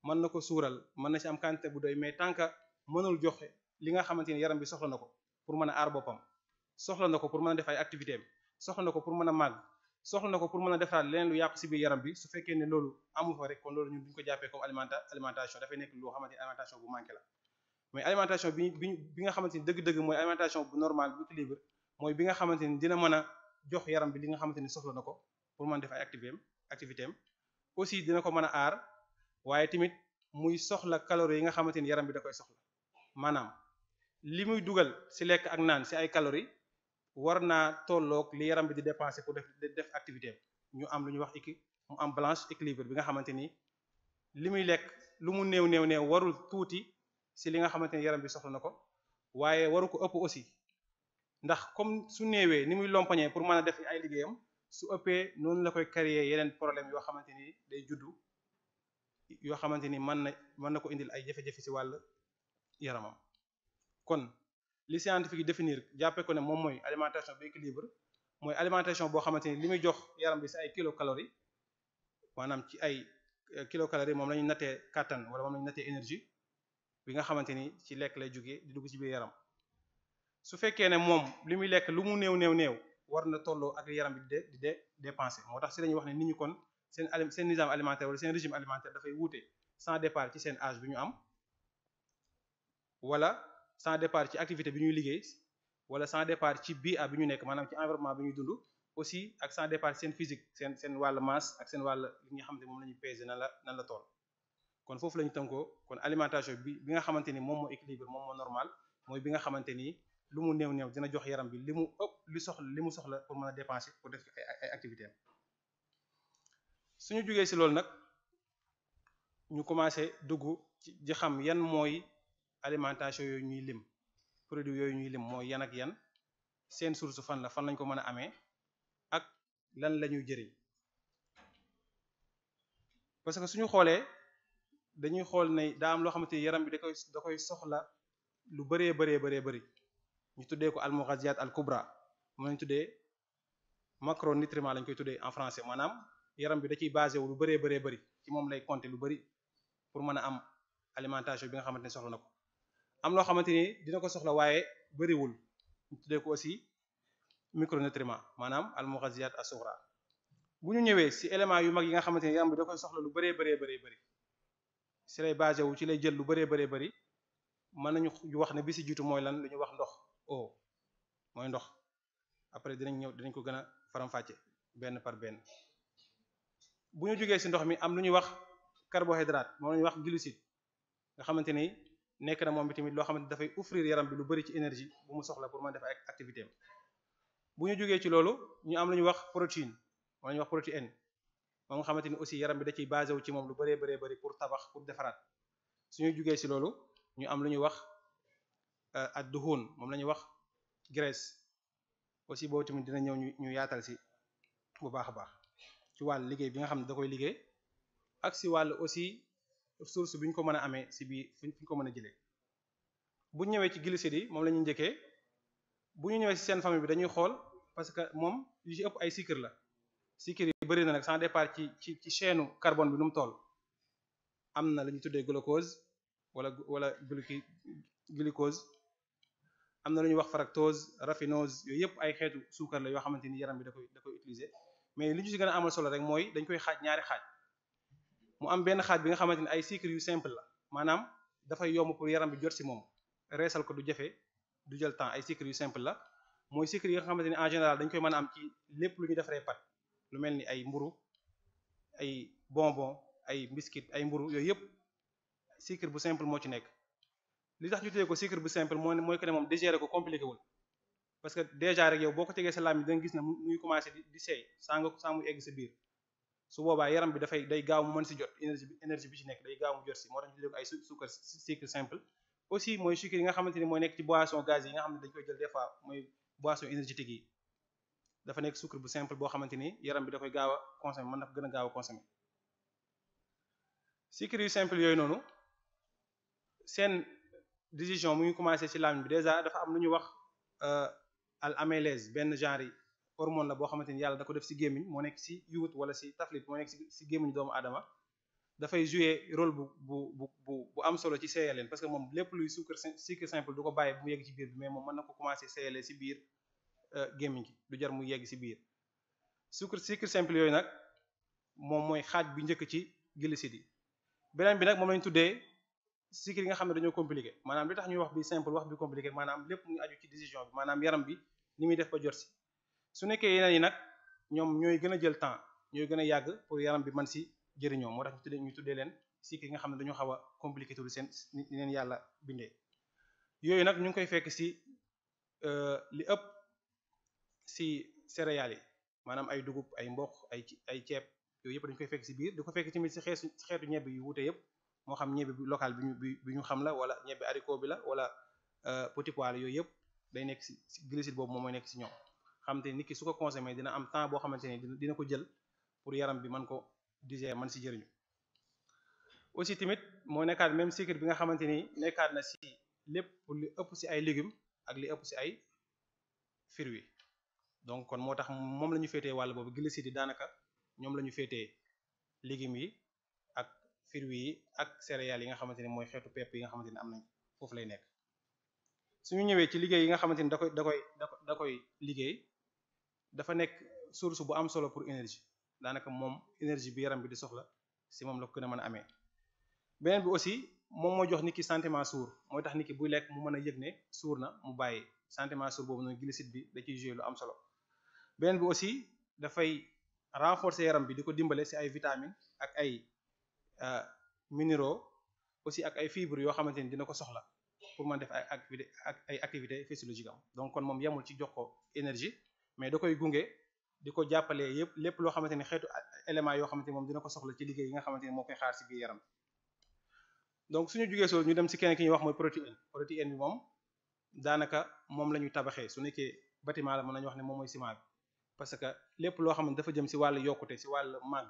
S3: mën na ko suural mën na ci am quantité bu doy mais tant que mënul joxe li nga xamante ni yaram bi soxla na ko pour mën a aar boppam soxla na ko pour mën a def ay activité am ko pour mën a màgg soxla na ko pour mën a defaraat leneen lu yàqu si biir yaram bi su fekkee ne loolu amul fa rek kon loolu ñun duñ ko jàppee comme alimenta alimentation dafay nekk loo xamante bu manqué mais alimentation bi bi bi nga xamante ni dëgg-dëgg mooy alimentation bu normal bu mooy bi nga xamante ni dina mën a jox yaram bi li nga xamante ni soxla na ko pour mën a def ay activité am aussi dina ko mën a aar waaye tamit muy soxla calories yi nga xamante ni yaram bi da koy soxla maanaam li muy dugal si lekk ak naan si ay calories war naa tolloog li yaram bi di dépenser pour def def activité ñu am lu ñuy wax équi mu am balance équilibre bi nga xamante ni li muy lekk lu mu néew néew néew warul tuuti si li nga xamante ni yaram bi soxla na ko waaye waru ko ëpp aussi ndax comme su néewee ni muy lompañee pour mën a def ay liggéeyam su ëppee noonu la koy créer yeneen problème yoo xamante ni day juddu yoo xamante ni mën na mën na ko indil ay jafe-jafe si wàll yaramam. kon li scientifique yi définir jàppee ko ne moom mooy alimentation bi équilibre mooy alimentation boo xamante ni li muy jox yaram bi si ay kilo kalori maanaam ci ay euh, kilocalories moom la natee nattee kàttan wala moom la ñu nattee énergie bi nga xamante ni ci lekk lay jógee di dugg ci biir yaram su fekkee ne moom li muy lekk lu mu néew néew néew war na tolloo ak yaram bi de di de dépenser moo tax si lañuy wax ne nit ñu kon seen ali seen nizam alimentaire wala seen régime alimentaire dafay wuute sans départ ci seen âge bi ñu am sans départ ci activité bi ñuy liggéey wala sans départ ci bii bi ñu nekk maanaam ci environnement bi ñuy dund aussi ak sans départ seen physique seen seen wàll masse ak seen wàll li nga xam ne moom la ñu pesé nan la nan la tool kon foofu la ñu tënkoo kon alimentation bi bi nga xamante ni moom moo équilibre moom moo normal mooy bi nga xamante ni lu mu néew néew dina jox yaram bi li mu ëpp li soxla li mu soxla pour mën a dépenser pour def ay ay activités am suñu jugee si loolu nag ñu commencé dugg ci xam yan mooy alimentation yooyu ñuy lim produit yooyu ñuy lim mooy yan ak yan seen source fan la fan lañ ko mën a amee ak lan la ñuy jëriñ parce que suñu xoolee dañuy xool ne daa am loo xamante ni yaram bi da koy da soxla lu bëree bëree bëree bëri ñu tuddee ko almughaziyat al kubra moom lañ tuddee macronutriments lañ koy tuddee en français maanaam yaram bi da ciy basé wu lu bëree baree bëri ci moom lay compter lu bëri pour mën a am alimentation bi nga xamante ne soxla na ko am loo xamante ni dina ko soxla waaye bëriwul ñu tuddee ko aussi micronutriment maanaam almughaziyat as-sughra bu ñu ñëwee si élément yu mag yi nga xamante ni yaram bi da koy soxla lu bëree bëree bëree bëri si lay basé wu ci lay jël lu bëree bëree bëri mën nañu wax ne bi si jiitu mooy lan lu ñu wax ndox o mooy ndox après dinañ ñëw dinañ ko gën a faram benn par benn bu ñu jógee si ndox mi am lu ñuy wax carbohydrate moom la wax glucide nga xamante nekk na moom tamit loo xamante dafay offrir yaram bi lu bari ci énergie bu mu soxla pour mën def ay activité am bu ñu jógee ci loolu ñu am lu ñu wax protéine wala ñu wax protéine moom nga xamante ni aussi yaram bi da ciy basé wu ci moom lu bëree bëree bëri pour tabax pour defaraat suñu jógee ci loolu ñu am lu ñuy wax euh, ad duhun moom la ñuy wax graisse aussi boobu tamit dina ñëw ñu ñu yaatal ci bu baax a baax ci wàll liggéey bi nga xam ne da koy liggéey ak ci wàll aussi source bi ñu ko mën a amee si biir fi ñu ko mën a jëlee bu ñëwee ci glucides yi moom la ñuy njëkkee bu ñu ñëwee si seen famille bi dañuy xool parce que moom yu ci ëpp ay sucre la sucre yi bëri na nag sans départ ci ci ci chaîne carbone bi nu mu tool am na la ñuy tuddee glucose wala wala gluci glucose am na lu ñuy wax fructose raffinose yooyu yëpp ay xeetu suukar la yoo xamante ni yaram bi da koy da mais li ñu si gën a amal solo rek mooy dañ koy xaaj ñaari mu am benn xaaj bi nga xamante ne ay sucre yu simple la maanaam dafay yomb pour yaram bi jot si moom reesal ko du jafe du jël temps ay sucre yu simple la mooy sucre yi nga xamante ne en général dañ koy mën a am ci lépp lu ñu defaree pat lu mel ni ay mburu ay bonbon ay biscuit ay mburu yooyu yëpp sucre bu simple moo ci nekk li tax ñu téye ko sucre bu simple moo mooy que ne moom digéré ko compliqué wul parce que déjà rek yow boo ko tegee sa laam yi da nga gis ne commencé di di seey saa nga saa sa biir su boobaa yaram bi dafay day gaaw mu mën si jot énergie bi bi ci nekk day gaaw mu jot si moo tax ñu tuddee ay sucre sucre simple aussi mooy sucre yi nga xamante ni mooy nekk ci boisson gaz yi nga xam ne dañ koy jël des fois mooy boisson énergétique yi dafa nekk sucre bu simple boo xamante ni yaram bi da koy gaaw a consommer na ko gën a gaaw a consommer yu simple yooyu noonu seen digestion mu ngi commencé ci làmmiñ bi déjà dafa am lu ñu wax euh, al amylase benn genre yi hormone la boo xamante ni yàlla da ko def si gémmiñ moo nekk si yuut wala si taflit moo nekk si gémmiñ doomu adama dafay jouer rôle bu bu bu bu am solo ci seeyaleen parce que moom lépp luy sucre sucre simple du ko bàyyi bu mu yegg ci biir bi mais moom mën euh, gi du jar mu yegg si biir sucre sucre simple yooyu nag moom mooy xaaj bu njëkk ci glucides yi beneen bi nag moom lañ tuddee sucre yi nga xam ne dañoo compliqué maanaam li tax wax bi simple wax bi compliqué maanaam lépp mu aju ci décision bi maanaam yaram bi ni muy def ba jot si su nekkee yeneen yi nag ñoom ñooy gën a jël temps ñooy gën a yàgg pour yaram bi man si jëriñoo moo tax ñu tuddee ñu tuddee leen si yi nga xam ne dañoo xaw a compliqué tuuti seen ni leen yàlla bindee yooyu nag ñu ngi koy fekk si euh, li ëpp si céréales yi maanaam ay dugub ay mboq ay ay ceeb yooyu yëpp dañu koy fekk si biir du ko fekk tamit si xeetu si xeetu ñebe yu wuute yëpp moo xam ñebe bi local bi ñu bi ñu xam la wala ñebe haricot bi la wala euh, petit la yooyu yëpp day nekk si glycide boobu moom mooy nekk si ñoom. xam te nit ki su ko consommé dina am temps boo xamante ni dina ko jël pour yaram bi mën ko digérer man si jëriñu aussi tamit moo nekkaat même cycle bi nga xamante ni nekkaat na si lépp pour li ëpp si ay légumes ak li ëpp si ay fruits donc kon moo tax moom la ñu féetee wàll boobu glucides yi daanaka ñoom la ñu féetee légumes yi ak fir yi ak céréales yi nga xamante ni mooy xeetu pepp yi nga xamante ni am nañ foofu lay nekk. suñu ñëwee ci liggéey yi nga xamante ni da koy da koy da koy liggéey dafa nekk source bu am solo pour énergie danaka moom énergie bi yaram bi di soxla si moom la ko gën a mën a amee beneen bi aussi moom moo jox nit ki sentiment suur mooy tax nit buy lekk mu mën a yëg ne suur na mu bàyyi sentiment suur boobu noonu glucide bi da ciy joué lu am solo beneen bi aussi dafay renforcer yaram bi di ko dimbale si ay vitamine ak ay euh, minéraux aussi ak ay fibres yoo xamante ni dina ko soxla pour mën def ay activité ak ay activité physiologique am donc kon moom yemul ci jox ko énergie mais da koy gunge di ko jàppale yëpp lépp loo xamante ni xeetu élément yoo xamante ni moom dina ko soxla ci liggéey yi nga xamante ni moo koy xaar si biir yaram donc suñu jugee soo ñu dem si keneen ki ñuy wax mooy protéine protéine bi moom daanaka moom la ñu tabaxee su nekkee bâtiment la mën nañu wax ne moom mooy ciment bi parce que lépp loo xam ne dafa jëm si wàll yokkute si wàll màgg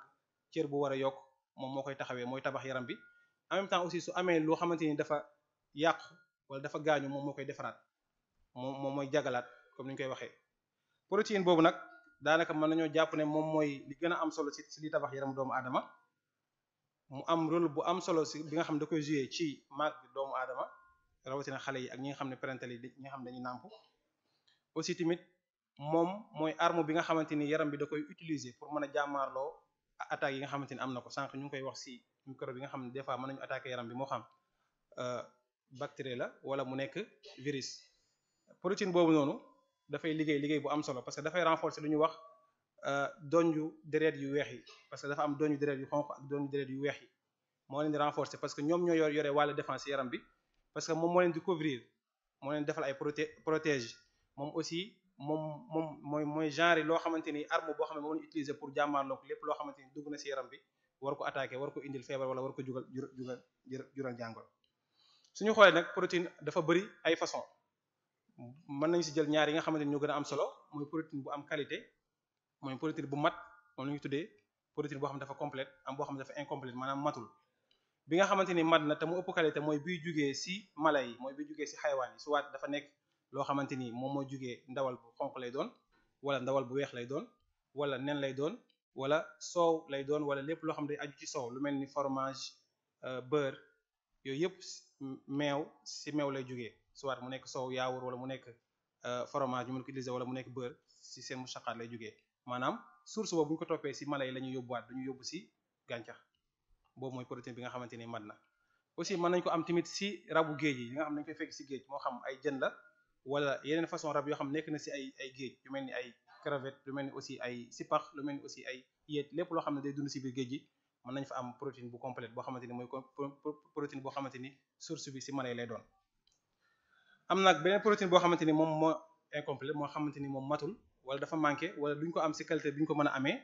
S3: cër bu war a yokk moom moo koy taxawee mooy tabax yaram bi en même temps aussi su amee loo xamante ni dafa yàqu wala dafa gaañu moom moo koy defaraat moom moom mooy jagalaat comme ni ñu koy waxee protéine boobu nag daanaka mën nañoo jàpp ne moom mooy li gën a am solo si si li tabax yaramu doomu aadama mu am rôle bu am solo si bi nga xam ne da koy joué ci màgg doomu aadama rawatina xale yi ak ñi nga xam ne parental yi ñi nga xam ne dañuy nàmp aussi tamit moom mooy arme bi nga xamante ni yaram bi da koy utiliser pour mën a jàmmaarloo attaques yi nga xamante ni am na ko sànq ñu ngi koy wax si microbe bi nga xam ne des fois mën nañu attaquer yaram bi moo xam euh, bactérie la wala mu nekk virus protéine boobu noonu. dafay liggéey liggéey bu am solo parce que dafay renforcer lu ñu wax euh, donju deret yu weex yi parce que dafa am donju deret yu xonq ak donju deret yu weex yi moo leen di que ñoom ñoo yor yore wàllu défense yaram bi parce que moom moo leen di couvrir moo leen defal ay proté protège moom aussi moom moom mooy mooy genre loo xamante ni arme boo xam ne moom la utiliser pour jàmmaarloog lépp loo xamante ni dugg na si yaram bi war ko attaquer war ko indil feebar wala war ko jugal jural jural jàngoro suñu xoolee nag protéine dafa bëri ay façon mën nañ si jël ñaar yi nga xamante ñoo gën a am solo mooy protéine bu am qualité mooy protéine bu mat moom la ñu tuddee protéine boo xam ne dafa complet am boo xam ne dafa incomplète maanaam matul bi nga xamante ni mat na te mu ëpp qualité mooy buy jugee si mala yi mooy buy jógee si xayawaan yi soit dafa nekk loo xamante ni moom mooy jugee ndawal bu xonq lay doon wala ndawal bu weex lay doon wala nen lay doon wala soow lay doon wala lépp loo xam ne day aju ci soow lu mel ni fromage euh, beurre yooyu yëpp meew si meew lay jugee soit mu nekk soow yaawur wala mu nekk euh, fromage ñu mën ko utiliser wala mu nekk beurre si seen musaqaat lay jógee maanaam source boobu bu ko toppee si mala yi la ñuy yóbbuwaat du ñu yóbbu si gàncax boobu mooy protéine bi nga xamante ni mat na aussi mën nañ ko am tamit si rabu géej yi nga xam nañ koy fekk si géej moo xam ay jën la wala yeneen façon rab yoo xam nekk na si ay ay géej lu mel ni ay crevette lu mel ni aussi ay sipax lu mel ni ay yéet lépp loo xam ne day si biir géej gi mën nañ fa am protéine bu complète boo xamante ni mooy protéine boo xamante ni source bi si mala lay doon am nag beneen protéine boo xamante ni moom moo incomplet moo xamante ni moom matul wala dafa manqué wala duñ ko am si qualité bi ñu ko mën a amee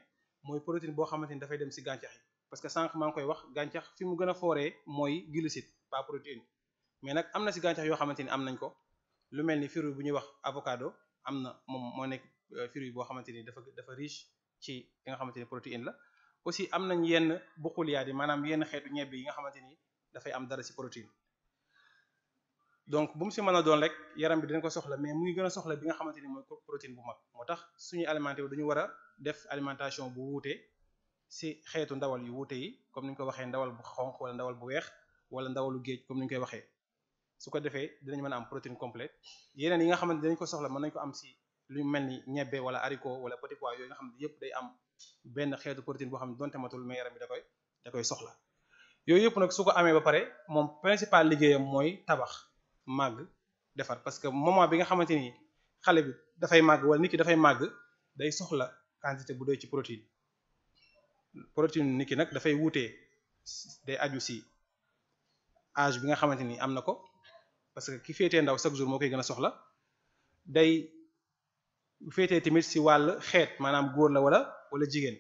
S3: mooy protéine boo xamante ni dafay dem si gàncax parce que sànq maa ngi koy wax gàncax fi mu gën a fooree mooy glucide pas protéine mais nag am na si gàncax yoo xamante ni am nañ ko lu mel ni fruit bu ñuy wax avocado am na moom moo nekk euh, fruit boo xamante ni dafa dafa riche ci li nga xamante ni protéine la aussi am nañ yenn buquliyaat yi maanaam yenn xeetu ñebe yi nga xamante ni dafay am dara si protéine donc bu mu si mën a doon rek yaram bi dina ko soxla mais mu ngi gën a soxla bi nga xamante ni mooy protéine bu mag moo tax suñu alimenté wu dañu war a def alimentation bu wuute si xeetu ndawal yu wuute yi comme ni ñu ko waxee ndawal bu xonq wala ndawal bu weex wala ndawalu géej comme ni ñu koy waxee su ko defee dinañ mën a am protéine complète yeneen yi nga xamante dinañ ko soxla mën nañ ko am si lu mel ni ñebbe wala haricot wala petit pois yooyu nga xam ne yëpp day am benn xeetu protéine boo xam ne donte matul mais yaram bi da koy da soxla yooyu yëpp nag su ko amee ba pare moom principal liggéeyam mooy tabax màgg defar parce que moment bi nga xamante ni xale bi dafay màgg wala niki dafay màgg day soxla quantité bu doy ci protéine protéine nit ki nag dafay wutee day aju si âge bi nga xamante ni am na ko parce que ki féetee ndaw chaque jour moo koy gën a soxla day féetee tamit si wàll xeet maanaam góor la wala wala jigéen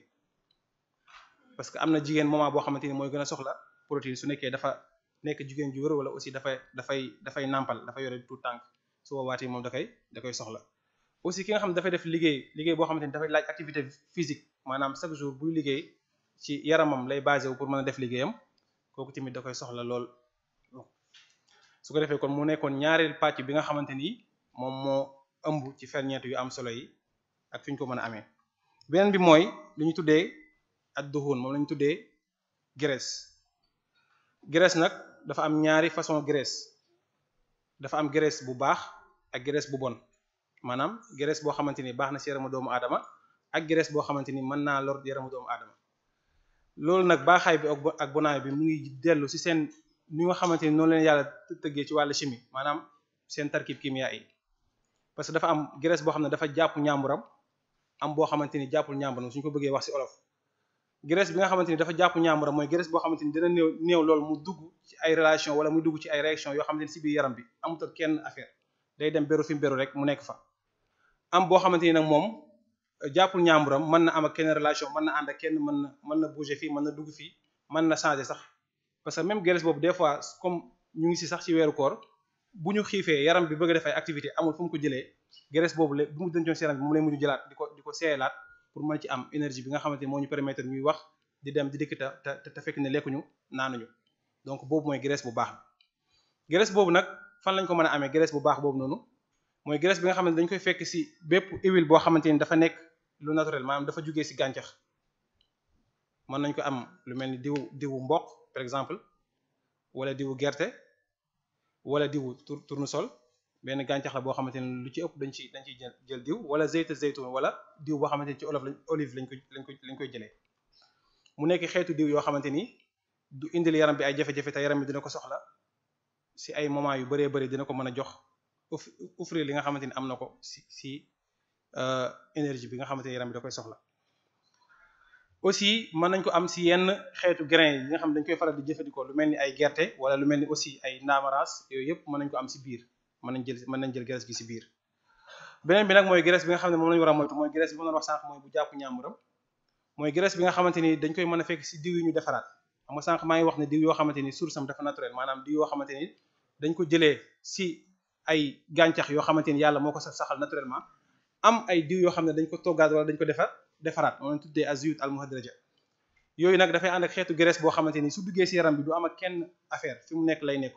S3: parce que am na jigéen moment boo xamante ni mooy gën a soxla protéine su nekkee dafa nekk jigéen ju wër wala aussi dafay dafay dafay nàmpal dafa yore tout tànk su woowaatee moom da da koy soxla aussi ki nga xam ne dafay def liggéey liggéey boo xamante ni dafay laaj activité physique maanaam chaque jour buy liggéey ci yaramam lay basé wu pour mën a def liggéeyam kooku tamit da koy soxla lool su ko defee kon mu nekkoon ñaareel pàcc bi nga xamante ni moom moo ëmb ci ferñeent yu am solo yi ak fi ñu ko mën a amee beneen bi mooy lu ñu tuddee ak duhun moom la tuddee graisse graisse nag dafa am ñaari façon graisse dafa am graisse bu baax ak graisse bu bon maanaam graisse boo xamante ni baax na ci yaramu doomu adama ak graisse boo xamante ni mën naa lor yaramu doomu aadama loolu nag baaxaay bi ak bonaay bi mu ngi dellu ci seen ni nga xamante ni noonu leen yàlla tëggee ci wàllu chimie maanaam seen tarkib kimia yi parce que dafa am graisse boo xam ne dafa jàpp ñàmburam am boo xamante ni jàppul ñàmburam suñ ko bëggee wax ci olof graisse bi nga xamante ni dafa jàpp ñaamara mooy graisse boo xamante ni dina néew néew loolu mu dugg ci ay relation wala mu dugg ci ay réaction yoo xamante ni si biir yaram bi amut ak kenn affaire day dem beru fi rek mu nekk fa am boo xamante ni nag moom euh, jàppul ñaamuram mën na am ak kenn relation mën na ànd ak kenn mën na mën na bouger fii mën na dugg fii mën na changer sax parce que même graisse boobu des fois comme ñu ngi si sax ci weeru bu ñu xiifee yaram bi bëgg a def ay activité amul fu mu ko jëlee graisse boobu la bu mu dencoon si yaram bi mu lay mujj jëlaat di ko di ko seeyalaat pour mën ci am énergie bi nga xamante ni moo ñu permettre ñuy wax di dem di dikk te te te fekk ne lekkuñu naanuñu donc boobu mooy graisse bu baax bi graisse boobu nag fan lañ ko mën a amee graisse bu baax boobu noonu mooy graisse bi nga xamante dañ koy fekk si bépp huile boo xamante ni dafa nekk lu naturel maanaam dafa jugee si gàncax mën nañ ko am lu mel ni diw diwu mboq par exemple wala diwu gerte wala diwu tournesol benn gàncax boo xamante ne lu ci ëpp dañ ciy dañ ciy jël diw wala zeyta zeytun wala diw boo xamante ni ci olof lañ olive lañ ko lañ ko lañ koy jëlee mu nekk xeetu diw yoo xamante ni du indil yaram bi ay jafe-jafe te yaram bi dina ko soxla si ay moment yu bëree bëri dina ko mën a jox offrir li nga xamante ni am na ko si si euh, énergie bi nga xamante ni yaram da koy soxla aussi mën nañ ko am si yenn xeetu grain yi nga xam dañ koy faral di jëfandikoo lu mel ni ay gerte wala lu mel ni aussi ay ndaamaraas yooyu yëpp mën nañ ko am si biir mën nañ jël mën nañ jël graisse bi si biir beneen bi nag mooy graisse bi nga xam ne moom lañu war a moytu mooy graisse bi ma doon wax sànq mooy mooy graisse bi nga xamante ni dañ koy mën a fekk si diw yi ñu defaraat xam maa ngi wax ne diw yoo xamante ni source am dafa naturel maanaam diw yoo xamante ni dañ ko jëlee si ay gàncax yoo xamante ni yàlla moo ko sax saxal naturellement am ay diw yoo xam ne dañ ko toggaat wala dañ ko defar defaraat moom lañ tuddee aziyut al muhadraja yooyu nag dafay ànd ak xeetu graisse boo xamante ni su duggee si yaram bi du am ak kenn affaire fi mu nekk lay nekk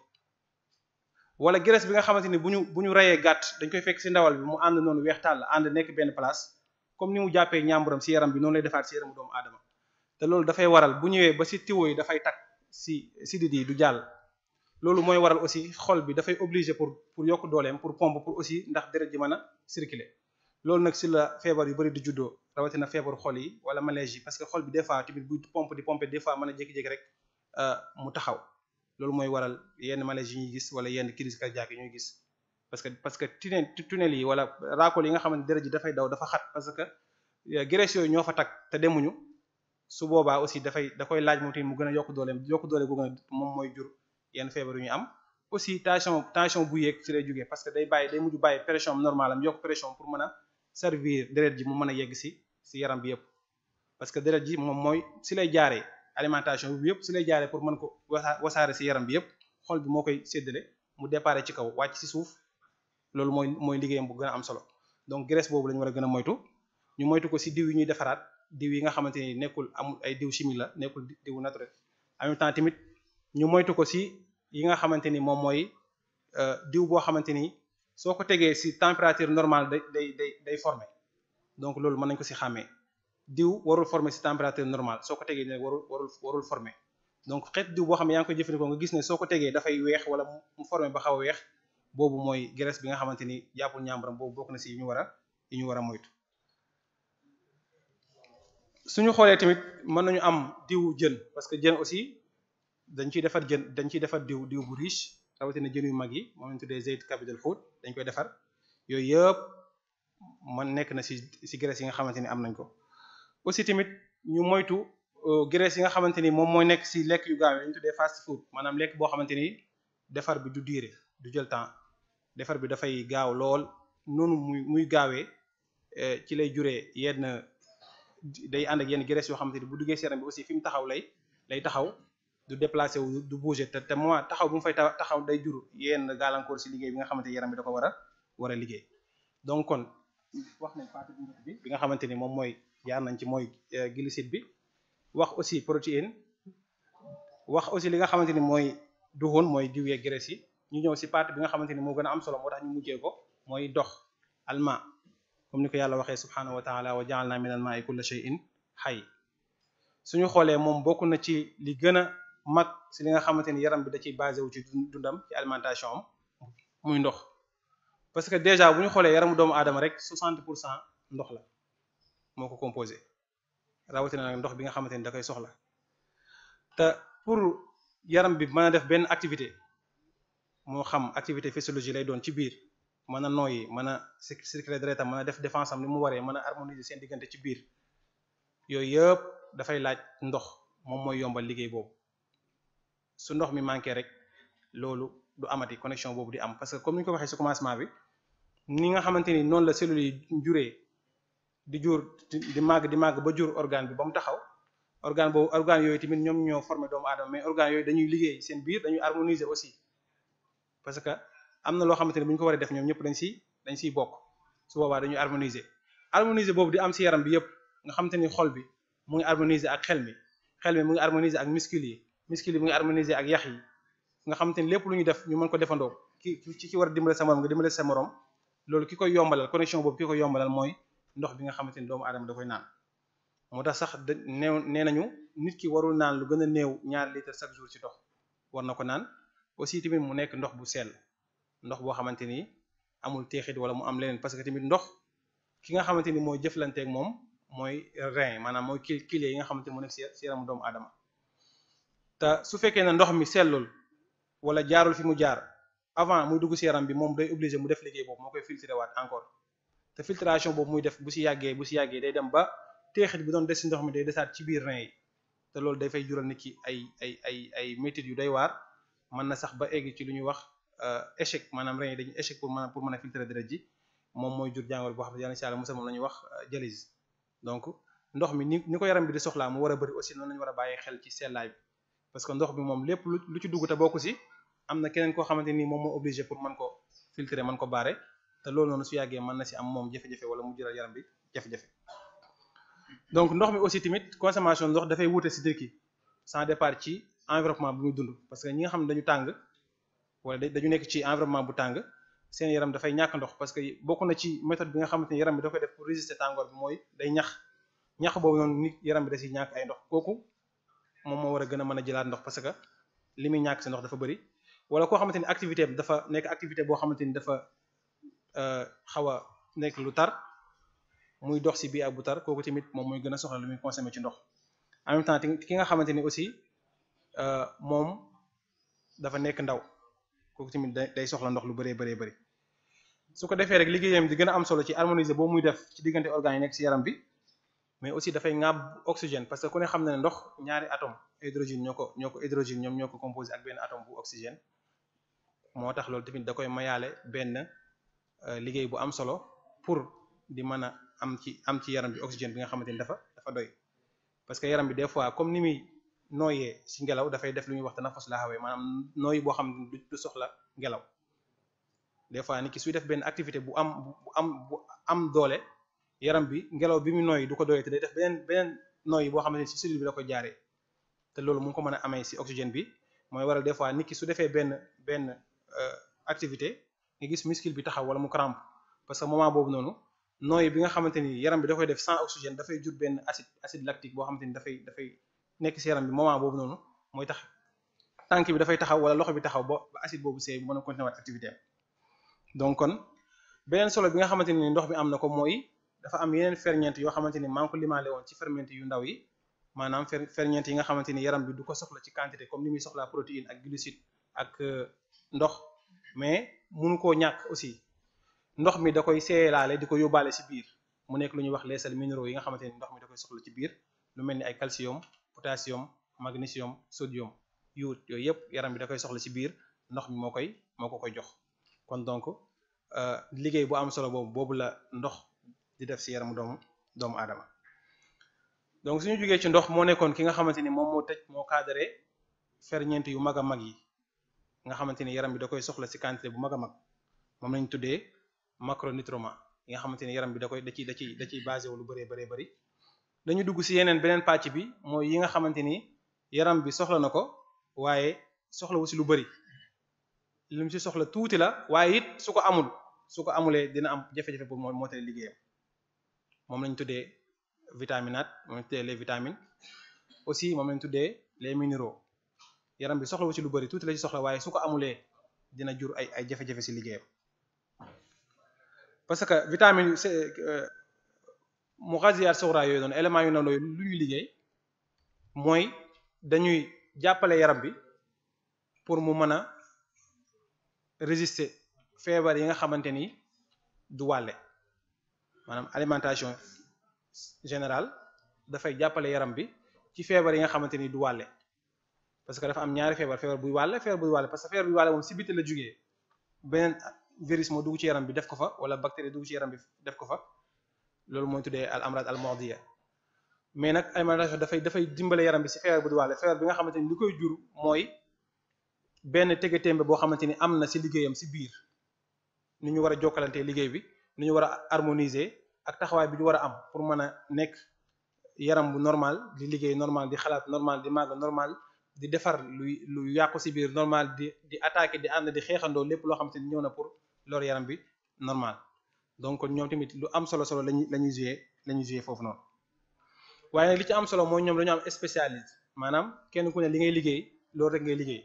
S3: wala graisse bi nga xamante ni bu ñu bu ñu reyee gàtt dañ koy fekk si ndawal bi mu ànd noonu weex tàll ànd nekk benn place comme ni mu jàppee ñaamburam si yaram bi noonu lay defaat si yaramu doomu aadama te loolu dafay waral bu ñëwee ba si tiwo yi dafay takk si sidit yi du jàll loolu mooy waral aussi xol bi dafay obligé pour pour yokk dooleem pour pompe pour aussi ndax deret ji mën a circuler loolu nag si la feebar yu bëri di juddoo rawatina feebaru xol yi wala malaise parce que xol bi des fois tamit buy pompe di pompe des fois mën a jékki-jékki rek euh, mu taxaw loolu mooy waral yenn malaise yi ñuy gis wala yenn crise cardiaque yi ñuy gis parce que parce que tunnel tunnel yi wala raakool yi nga xamante deret ji dafay daw dafa xat parce que euh, graisse yooyu ñoo fa takk te demuñu su boobaa aussi dafay da laaj moom tamit mu gën a yokk dooleem yokk doole googu moom mooy jur yenn feebar yu am aussi tension tension bu yéeg ci lay jógee parce que day bàyyi day mujj bàyyi pression am normal am yokk pression pour mën a servir deret ji mu mën a yegg si si yaram bi yëpp parce que deret ji moom mooy si lay jaaree alimentation bi yëpp su lay jaaree pour mën ko wasaare si yaram bi yëpp xool bi moo koy séddale mu déparé ci kaw wàcc si suuf loolu mooy mooy liggéeyam bu gën a am solo donc graisse boobu la war a gën a moytu ñu moytu ko si diw yi ñuy defaraat diw yi nga xamante ni nekkul amul ay diw chimique la nekkul diw naturel en même tamit ñu moytu ko si yi nga xamante ni moom mooy euh, diw boo xamante ni soo ko tegee si température normal day day day day formé donc loolu mën nañ ko si xàmmee diw warul former si température normale soo ko tegee ne warul warul warul former donc xeet diw boo xam ne yaa ngi ko jëfandikoo nga gis ne soo ko tegee dafay weex wala mu former ba xaw a weex boobu mooy graisse bi nga xamante ni jàppul ñaambaram boobu bokk na si yu ñu war a yu ñu war a moytu. suñu xoolee tamit mën nañu am diw jën parce que jën aussi dañ ciy defar jën dañ ciy defar diw diw bu riche rawatina jën yu mag yi moom lañ tuddee zeyt capital food dañ koy defar yooyu yëpp man nekk na si si graisse yi nga xamante ni am nañ ko. aussi tamit ñu moytu euh, graisse yi nga xamante ni moom mooy nekk si lekk yu gaaw yi ñu tuddee fast food maanaam lekk boo xamante ni defar bi du diire du jël temps defar bi dafay gaaw lool noonu muy muy gaawee euh, ci lay juree yenn day ànd ak yenn yoo xamante ni bu duggee si yaram aussi fi taxaw lay lay taxaw du déplacé wu du bouger te te moment taxaw bu mu fay taxaw day jur yenn gàllankoor si liggéey bi nga xamante ni yaram bi da ko war a war a liggéey donc kon wax nañ partie bu njëkk bi bi nga xamante ni moom mooy jaar nañ ci mooy euh, glucide bi wax aussi protéine wax aussi li nga xamante ni mooy duxun mooy diw yeeg graisse yi ñu ñëw si partie bi nga xamante ni moo gën a am solo moo tax ñu mujjee ko mooy dox alma comme ni ko yàlla waxee subhanahu wa taala wa jaalna min al maai kulla shay'in xay suñu xoolee moom bokk na ci li gën a mag si li nga xamante ni yaram bi da ciy basé wu ci dundam ci alimentation am muy ndox parce que déjà bu ñu xoolee yaramu doomu aadama rek 60 pour cent ndox la moo ko composé rawatina nag ndox bi nga xamante ni da koy soxla te pour yaram bi man a def benn activité moo xam activité physiologie lay doon ci biir mën a nooy mën a circuler deretam mën a def défense am ni mu waree mën a harmoniser seen diggante ci biir yooyu yëpp dafay laaj ndox moom mooy yombal liggéey boobu su ndox mi manqué rek loolu du amati connexion boobu di am parce que comme ko waxee si commencement bi ni nga xamante ni noonu la cellules yi juree di jur di màgg di màgg ba jur organe bi ba mu taxaw organe boobu organe yooyu tamit ñoom ñoo formé doomu aadama mais organ yooyu dañuy liggéey seen biir dañuy harmoniser aussi parce que am na loo xamante ne bu ñu ko war a def ñoom ñëpp dañ si dañ siy bokk su boobaa dañuy harmoniser harmoniser boobu di am si yaram bi yëpp nga xamante ni xol bi mu ngi harmoniser ak xel mi xel mi mu ngi ak muscle yi muscle yi mu ak yax yi nga xamante ni lépp lu ñu def ñu mën ko defandoo ki ci war a dimbale sa morom loolu ki koy yombalal connexion boobu ki koy yombalal mooy ndox bi nga xamante ni doomu aadama da koy naan mu tax sax da néew nee nañu nit ki warul naan lu gën a néew ñaari litre chaque jour ci ndox war na ko naan aussi tamit mu nekk ndox bu seel ndox boo xamante ni amul teexit wala mu am leneen parce que tamit ndox ki nga xamante ni mooy jëflanteek moom mooy rein maanaam mooy kil kile yi nga xamante ni mu nekk si yaramu doomu aadama te su fekkee ne ndox mi sellul wala jaarul fi mu jaar avant muy dugg si yaram bi moom mu def liggéey boobu moo koy waat encore te filtration boobu muy def bu si yàggee bu si yàggee day dem ba teexit bi doon des si ndox mi day desaat ci biir rein yi te loolu day fay jural nit ki ay ay ay ay métit yu day waar mën na sax ba egg ci lu ñuy wax euh, échec maanaam rein yi dañuy échec pour mën a pour deret ji moom mooy jur jàngoro boo xam ne yàlla incha allah musa moom wax euh, dialyse donc ndox mi ni ni ko yaram bi di soxlaa mu war a bëri aussi noonu lañu war a bàyyi xel ci sellaay bi parce que ndox bi moom lépp lu ci dugg te bokku si am na keneen koo xamante ni moom moo obligé pour mën ko filtrer mën ko baare te loolu noonu su yàggee mën na si am moom jafe-jafe wala mu jural yaram bi jafe-jafe donc ndox mi aussi tamit consommation ndox dafay wuute si dëkk yi sans départ ci environnement bu muy dund parce que ñi nga xam ne dañu tàng wala dañu nekk ci environnement bu tàng seen yaram dafay ñàkk ndox parce que bokk na ci méthode bi nga xamante ni yaram bi da koy def mooy day ñax ñax boobu noonu nit yaram bi da siy ñàkk ay ndox kooku moom moo war a gën a mën a jëlaat ndox parce que li muy ñàkk si ndox dafa bëri wala koo xamante ni activité bi dafa nekk activité boo xamante ni dafa Euh, xaw a nekk lu tar muy dox si bii bu tar kooku tamit moom muy gën a soxla lu muy consommer ci ndox en même temps ki nga xamante ni aussi euh, moom dafa nekk ndaw kooku tamit day soxla ndox lu bëree bëree bëri su ko defee rek liggéeyam di gën a am solo ci harmoniser boobu muy def ci diggante organes yi nekk si yaram bi mais aussi dafay ŋàbb oxygène parce que ku ne xam na ne ndox ñaari atom hydrogène ñoo ko ñoo ko ñoom ñoo ko composé ak benn atome bu oxygène moo tax loolu tamit da koy mayaale benn Euh, liggéey bu am solo pour di mën a am ci am ci yaram bi oxygène bi nga xamante ni dafa dafa doy parce que yaram bi des fois comme ni muy nooyee si ngelaw dafay def lu ñuy wax tanafus lahawi maanaam nooyi boo xam ne du soxla ngelaw des fois nit ki suy def benn activité bu am bu am bu am doole yaram bi ngelaw bi mu nooyi du ko doyee te day def beneen beneen nooyi boo xamante ni si cellule bi la ko jaaree te loolu mu ngi ko mën a amee si oxygène bi mooy waral des fois nit su defee benn benn euh, activité nga gis muscle bi taxaw wala mu crampe parce que moment boobu noonu nooyi bi nga xamante ni yaram bi da koy def sans oxygène dafay jur benn acide acide lactique boo xamante dafay nekk si yaram bi moment boobu noonu mooy tax tànk bi dafay taxaw wala loxo bi taxaw ba acide boobu seey mën a continuer waat activité donc kon beneen solo bi nga xamante ni ndox mi am na ko mooy dafa am yeneen ferñeent yoo xamante ni maa ngi ko limaale woon ci ferñeent yu ndaw yi maanaam ferñeent yi nga xamante ni yaram bi du ko soxla ci quantité comme ni muy soxlaa protéine ak glucide ak euh, ndox mënu koo ñàkk aussi ndox mi da koy seelaale di ko yóbbaale ci biir mu nekk lu ñuy wax les sels minéraux yi nga xamante ni ndox mi da koy soxla ci biir lu mel ni ay calcium potassium magnesium sodium yu yooyu yëpp yaram bi da soxla ci biir ndox mi moo koy moo ko koy jox kon donc euh, liggéey bu am solo boobu boobu la ndox di def ci yaramu doomu doomu aadama donc suñu jógee ci ndox moo nekkoon ki nga xamante ni moom moo tëj moo cadré ferñeent yu mag a mag yi nga xamante ni yaram bi da koy soxla si quantité bu mag a mag moom lañ tuddee macronutriments yi nga xamante ni yaram bi da koy da ciy da ciy da ciy basé wu lu bëree bëree bëri dañu dugg si yeneen beneen pàcc bi mooy yi nga xamante ni yaram bi soxla na ko waaye soxla wu si lu bëri lu mu si soxla tuuti la waaye it su ko amul su ko amulee dina am jafe-jafe pour moo mootale liggéeyam moom lañ tuddee vitaminat moom lañ tuddee les vitamines aussi moom lañ tuddee les minéraux yaram bi soxlawu ci lu bëri tuuti la ci soxla waaye su ko amulee dina jur ay ay jafe-jafe ci liggéeyam parce que vitamine c euh, muxaziyaat suxra yooyu noonu élément yu noonu lu ñuy liggéey mooy dañuy jàppale yaram bi pour mu mën a résister feebar yi nga xamante ni du maanaam alimentation général dafay jàppale yaram bi ci feebar yi nga xamante ni du wàlle parce que dafa am ñaari feebar feebar buy wàlle feebar buy wàlle parce que feebar buy wàlle moom si biti la jugee beneen virus moo dugg ci yaram bi def ko fa wala bactérie dugg ci yaram bi def ko fa loolu mooy tuddee al amrad al mordiya mais nag ay alimentation dafay dafay dimbale yaram bi si feebar bu di wàlle feebar bi nga xamante ni li koy jur mooy benn tege témbe boo xamante ni am na si liggéeyam si biir nu ñu war a jokkalantee liggéey bi ni ñu war a harmoniser ak taxawaay bi ñu war a am pour mën a nekk yaram bu normal di liggéey normal di xalaat normal di màgg normal di defar lu lu yàqu si biir normal di di attaqué di ànd di xeexandoo lépp loo xam te ni ñëw na pour lor yaram bi normal donc ñoom tamit lu am solo solo lañu la ñuy la ñuy joué foofu noonu waaye li ci am solo mooy ñoom dañu am spécialiste maanaam kenn ku ne li ngay liggéey loolu rek ngay liggéey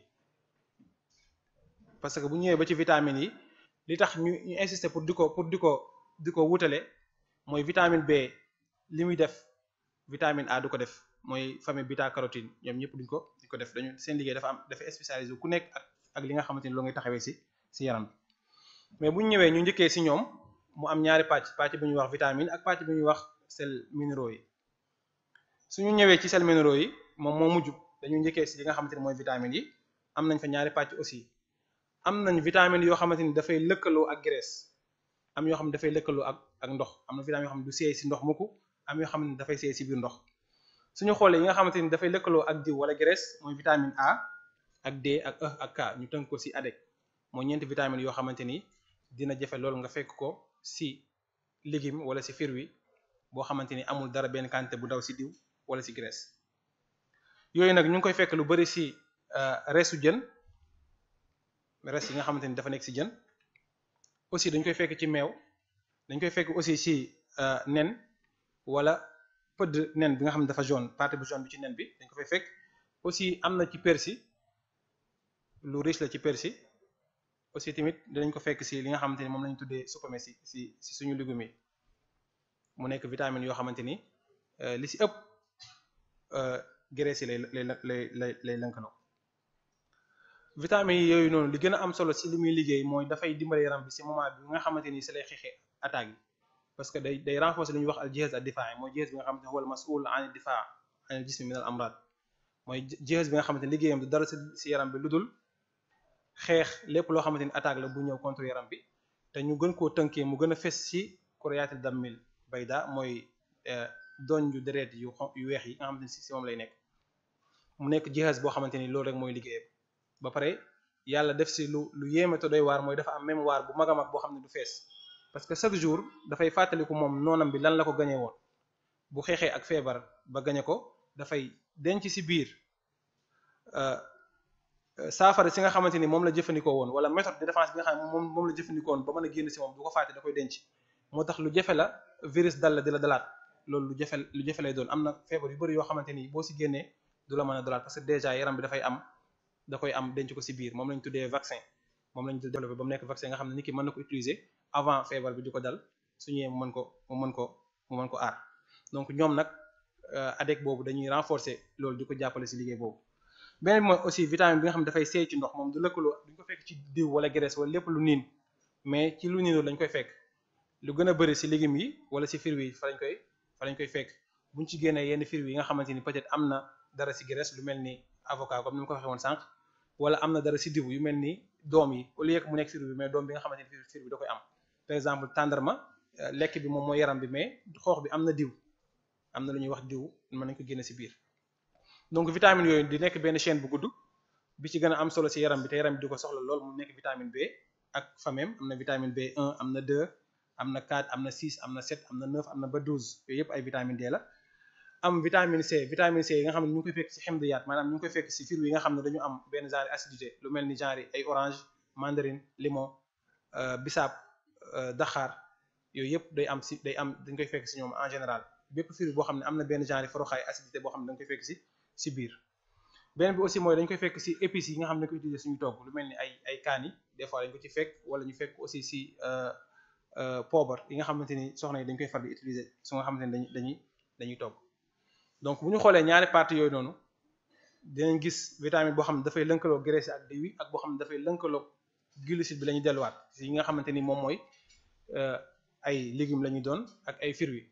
S3: parce que bu ñëwee ba ci vitamines yi li tax ñu ñu insister pour di ko pour di ko di ko wutale mooy vitamine B li muy def vitamine A du ko def mooy famille bêta carotène ñoom ñëpp duñ ko di ko def dañu seen liggéey dafa am dafa spécialisé ku nekk ak ak li nga xamante ni loo ngay taxawee si si yaram mais bu ñu ñëwee ñu njëkkee si ñoom mu am ñaari pàcc pàcc bu ñuy wax vitamine ak pàcc bu ñuy wax sel minéraux yi suñu ñëwee ci sel minéraux yi moom moo mujj dañu njëkkee si li nga xamante ni mooy vitamine yi am nañ fa ñaari pàcc aussi am nañ vitamine yoo xamante ni dafay lëkkaloo ak graisse am yoo xam ne dafay lëkkaloo ak ak ndox am na vitamine yoo xam ne du seey si ndox mukk am yoo xam ne dafay seey si biir ndox suñu xoolee yi nga xamante ni dafay lëkkaloo ak diw wala graisse mooy vitamine A ak D ak e ak K ñu tënk ko si ADEC mooy ñeenti vitamines yoo xamante ni dina jafe loolu nga fekk ko si légume wala si fruit boo xamante ni amul dara benn quantité bu ndaw si diw wala si graisse yooyu nag ñu ngi koy fekk lu bëri si euh, reesu jën res yi nga xamante ni dafa nekk si jën aussi dañ koy fekk ci meew dañ koy fekk aussi si euh, nen wala peu de nen bi nga xam ne dafa jaune partie bu jaune bi ci nen bi dañ ko fay fekk am na ci persil lu riche la ci persil aussi tamit dinañ ko fekk si li nga xamante ni moom lañu tuddee supame si si si suñu légumes yi mu nekk vitamines yoo xamante ni euh, li si ëpp euh, graisse yi lay lay lay lay lay lënkaloo vitamines yi yooyu noonu li gën a am solo si li muy liggéey mooy dafay dimbale yaram bi si moment bi nga xamante ni si lay xeexee attaques yi parce que day day renforcer li ñuy wax al jihaz ad difaa mooy jihaz bi nga xamante ne wala masul an difaa mooy jihaz bi nga xamante ne liggéeyam du dara si yaram bi lu dul xeex lépp loo xamante ni attaque la bu ñëw contre yaram bi te ñu gën koo tënkee mu gën a fes si kurayaatil dammil bayda mooy eh, doñ yu deret yu yu weex yi nga xamante ni si moom lay nekk mu nekk jihaz boo xamante ni loolu rek mooy liggéeyam ba pare yàlla def si lu lu yéeme te doy waar mooy dafa am mémoire bu mag a boo xam ne du fees parce que chaque jour dafay fàttaliku moom noonam bi lan la ko gañe woon bu xeexee ak feebar ba gañe ko dafay denc ci biir euh, saafara si nga xamante ni moom la jëfandikoo woon wala méthode de défense bi nga xam ne moom moom la jëfandikoo woon ba a génn la virus dal la loolu lu jafe lu jafe lay doon am na feebar yoo xamante ni boo si génnee la mën a dalaat parce que déjà da koy am denc ko moom lañ tuddee vaccin moom lañ développé ba mu nekk vaccin nga xam ne nit ki mën na ko utiliser avant feebar bi di ko dal su ñëwee mu mën ko mu mën ko mën ko aar donc ñoom nag euh, ADEC boobu dañuy renforcer loolu di ko jàppale si liggéey boobu. beneen bi mooy aussi vitamine bi nga xam ne dafay seey ci ndox moom du lëkkaloo duñ ko fekk ci diw wala graisse wala lépp lu niin mais ci lu niinoo lañ koy fekk lu gën a bëri si légumes yi wala si fruits yi fa lañ koy fa lañ koy fekk buñ ci génnee yenn fruits yi nga xamante ni peut-être am na dara si graisse lu mel ni avocat comme ni ma ko waxee woon sànq wala am na dara si diw yu mel ni doom yi au lieu que mu nekk si fruits yi mais am par exemple tàndarma euh, lekk bi moom mooy yaram bi mais xoox bi am na diw am na lu ñuy wax diw ma nañ ko génne si biir donc vitamine yooyu di nekk benn chaîne bu gudd bi ci gën a am solo si yaram bi te yaram bi di ko soxla lool mu nekk vitamine B ak famem am na vitamine B1 am na 2 am na 4 am na 6 am na 7 am na 9 am na ba 12 yooyu yëpp ay vitamine D la am vitamine C vitamine C yi nga xam ne ñu ngi koy fekk si xemdiyaat maanaam ñu ngi koy fekk si fruits yi nga xam lu mel ni genre ay orange mandarine limon euh, bisaab Euh, daxaar yooyu yëpp day am si day am dañ koy fekk si ñoom en général bépp firi boo xam ne am na benn genre foroxaay acidité boo xam ne dañ koy fekk si si biir beneen bi aussi mooy dañ koy fekk si épices yi nga xam ne ko utiliser suñu togg lu mel ni ay ay kaani des fois dañ ko ci fekk wala ñu fekk aussi si euh, euh, poobar yi nga xamante ni soxna yi dañ koy far di utiliser su nga xamante ni dañuy dañuy togg donc bu ñu xoolee ñaari parties yooyu noonu dinañ gis vitamine boo xam ne dafay lëkkaloo graisse ak ak boo xam ne dafay lëkkaloo glucide bi la ñuy delluwaat yi nga xamante ni moom mooy Euh, ay légumes la ñu doon ak ay fruits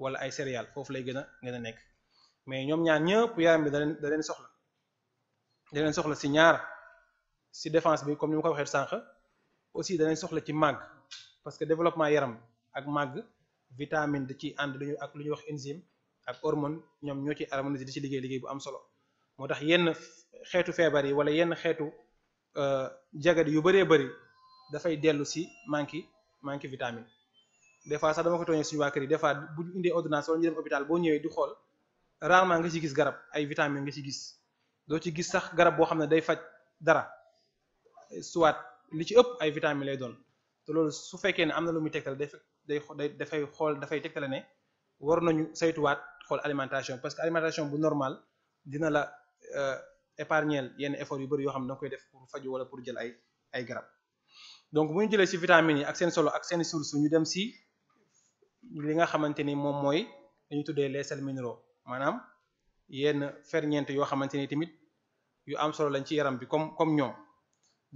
S3: wala ay céréales foofu lay gën a gën a nekk mais ñoom ñaan ñëpp yaram bi da leen soxla daleen soxla si ñaar si défense bi comme ni ma ko waxee sànq aussi da soxla ci màgg parce que développement yaram ak màgg vitamine da ci ànd dañu ak lu ñuy wax enzyme ak hormone ñoom ñoo ci harmonie di ci liggéey liggéey bu am solo moo tax yenn xeetu feebar yi wala yenn xeetu euh, jagad yu bëree bëri dafay dellu si manque manqué vitamine des fois sax dama ko tooñee suñu waa kër yi des fois bu ñu indee ordonnance wala ñu hôpital boo ñëwee di xool maa nga ci gis garab ay vitamine nga ci gis doo ci gis sax garab boo xam ne day faj dara soit li ci ëpp ay vitamine lay doon te loolu su fekkee ne am na lu muy tegtal day day dafay xool dafay tegtale ne war nañu saytuwaat xool alimentation parce que alimentation bu normal dina la euh, épargnel yenn effort yu bëri yoo xam ne danga ko def pour faju wala pour jël ay ay garab donc bu ñu jëlee ci vitamines yi ak seen solo ak seen source ñu dem si li nga xamante ni moom mooy ñu tuddee les sels minéraux maanaam yenn ferñeent yoo xamante ne tamit yu am solo lañ ci yaram bi comme comme ñoom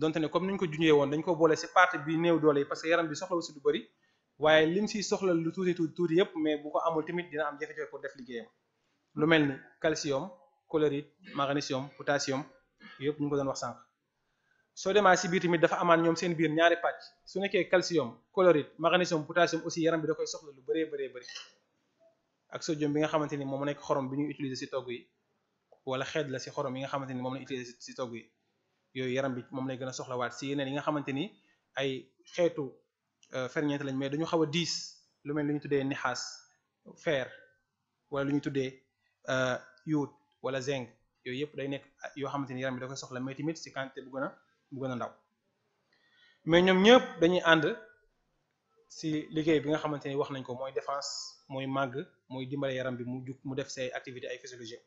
S3: donte ne comme ni ñu ko junjee woon dañ ko boole ci partie bi néew doole yi parce que yaram bi soxla aussi du bëri waaye lim ci soxla lu tuuti tuuti tuuti yëpp mais bu ko amul tamit dina am jafe-jafe pour def liggéeyam lu mel ni calcium chlorure magnésium potassium yëpp ñu ngi ko wax sànq. soo demaa si biir tamit dafa amaan ñoom seen biir ñaari pàcc su nekkee calcium chlorure magnésium potassium aussi yaram bi da koy soxla lu bëree bëree bëri ak sodium bi nga xamante ni moom nekk xorom bi ñu utiliser si togg yi wala xeet la si xorom yi nga xamante ni moom la utiliser si togg yi yooyu yaram bi moom lay gën a soxlawaat si yeneen nga xamante ay xeetu euh, ferñeent lañ mais dañu xaw a diis lu mel lu ñu tuddee nixaas fer wala lu ñu tuddee euh, yuut wala zinc yooyu yëpp day nekk yoo xamante ni yaram bi da koy soxla mais tamit si quantité bu gën a bu gën a ndaw mais ñoom ñëpp dañuy ànd si liggéey bi nga xamante ni wax nañ ko mooy défense mooy màgg mooy dimbale yaram bi mu jug mu def see activité ay physiologie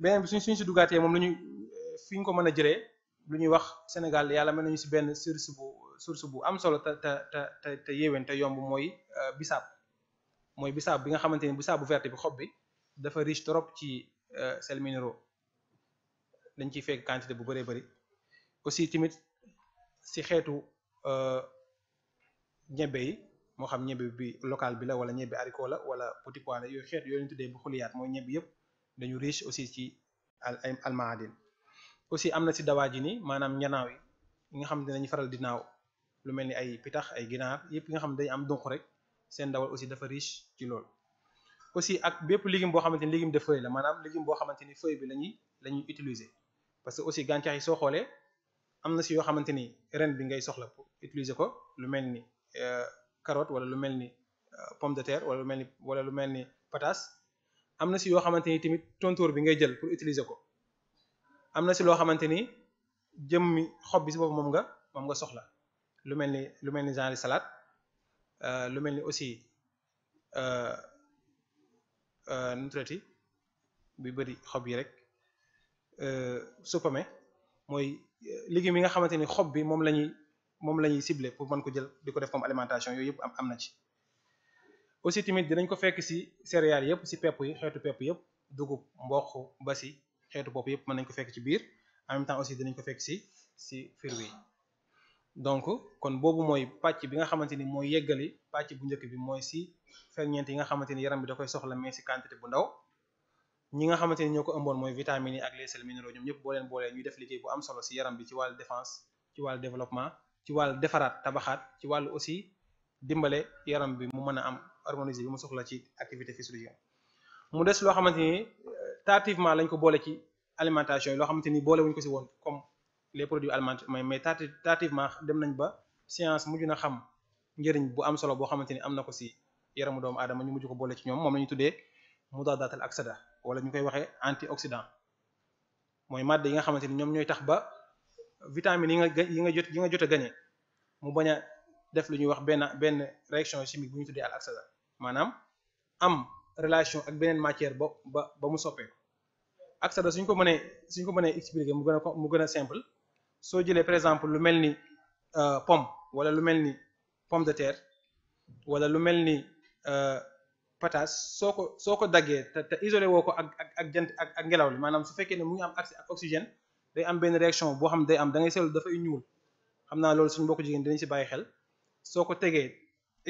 S3: beneen bi suñ suñ si dugaatee moom la ñuy fi ñu ko mën a jëlee lu ñuy wax Sénégal yàlla mel nañu si benn source bu source bu am solo te te te te te yomb mooy euh, bisaab mooy bisaab bi nga xamante ni bisaab bu verte bi xob bi dafa riche trop ci euh, sel minéraux dañ ciy fekk quantité bu bëree bëri aussi tamit si xeetu euh, ñebe yi moo xam ñebe bi local bi la wala ñebe haricot la wala petit pois la yooyu xeet yooyu ñu tuddee bu xuliyaat mooy ñebe yëpp dañu riche aussi ci ay almaadin aussi am na si dawaa ji ni maanaam ñanaaw yi yi nga xam ne dinañ faral di naaw lu mel ni ay pitax ay ginaar yëpp yi nga xam ne dañu am dunq rek seen dawal aussi dafa riche ci loolu aussi ak bépp légume boo xamante ni légume de feuille la maanaam légume boo xamante ni feuille bi lañuy la ñuy parce que aussi gàncax yi soo xoolee am na si yoo xamante ni ren bi ngay soxla pour utiliser ko lu mel ni euh, carotte wala lu mel ni euh, pomme de terre wala lu mel ni wala lu mel ni pataas am na si yoo xamante ni tamit tontóor bi ngay jël pour utiliser ko am na si loo xamante ni jëmmi xob bi si boobu moom nga moom nga soxla lu mel ni lu mel ni genre salaat euh, lu mel ni aussi nutrati bi bëri xob yi rek supame mooy légumes yi nga xamante ni xob bi moom la ñuy moom la ñuy ciblé pour mën ko jël di ko def comme alimentation yooyu yëpp am am na ci aussi tamit dinañ ko fekk si céréales yëpp si pepp yi xeetu pepp yëpp dugub mboq ba si xeetu bopp yëpp mën nañ ko fekk ci biir en même temps aussi dinañ ko fekk si si firwi yi donc kon boobu mooy pàcc bi nga xamante ni mooy yeggali pàcc bu njëkk bi mooy si ferñeent yi nga xamante ni yaram bi da koy soxla mais si bu ndaw ñi nga xamante ni ñoo ko ëmboon mooy vitamines yi ak les sels minéraux ñoom ñëpp boo leen boolee ñuy def liggéey bu am solo si yaram bi ci wàllu défense ci wàllu développement ci wàllu defaraat tabaxaat ci wàllu aussi dimbale yaram bi mu mën a am harmoniser bi mu soxla ci activité physiologique mu des loo xamante ni euh, tardivement lañ ko boole ci alimentation yi loo xamante ni boole wuñ ko si woon comme les produits alimentaires mais mais tardivement dem nañ ba science mujj na xam njëriñ bu am solo boo xamante ni am na ko si yaramu doomu aadama ñu mujj ko boole ci ñoom moom la ñu tuddee mudaadaat al aksada wala ñu koy waxee antioxydant mooy màdd yi nga xamante ni ñoom ñooy tax ba vitamines yi nga yi nga jot yi nga jot a gañe mu bañ a def lu ñuy wax benn benn réaction chimique bu ñu tuddee al aksada maanaam am relation ak beneen matière ba ba ba mu soppee aksada suñ ko mënee suñ ko mënee expliquer mu gën a mu gën a simple soo jëlee par exemple lu mel ni euh, pomme wala lu mel ni pomme de terre wala lu mel ni euh, pataas soo ko soo ko daggee te te isolé woo ko ak ak jant ak ak ngelaw li maanaam su fekkee ne mu ngi am accès ak oxygène day am benn réaction boo xam day am da ngay seetlu dafay ñuul xam naa loolu suñu mbokku jigéen dinañ si bàyyi xel soo ko tegee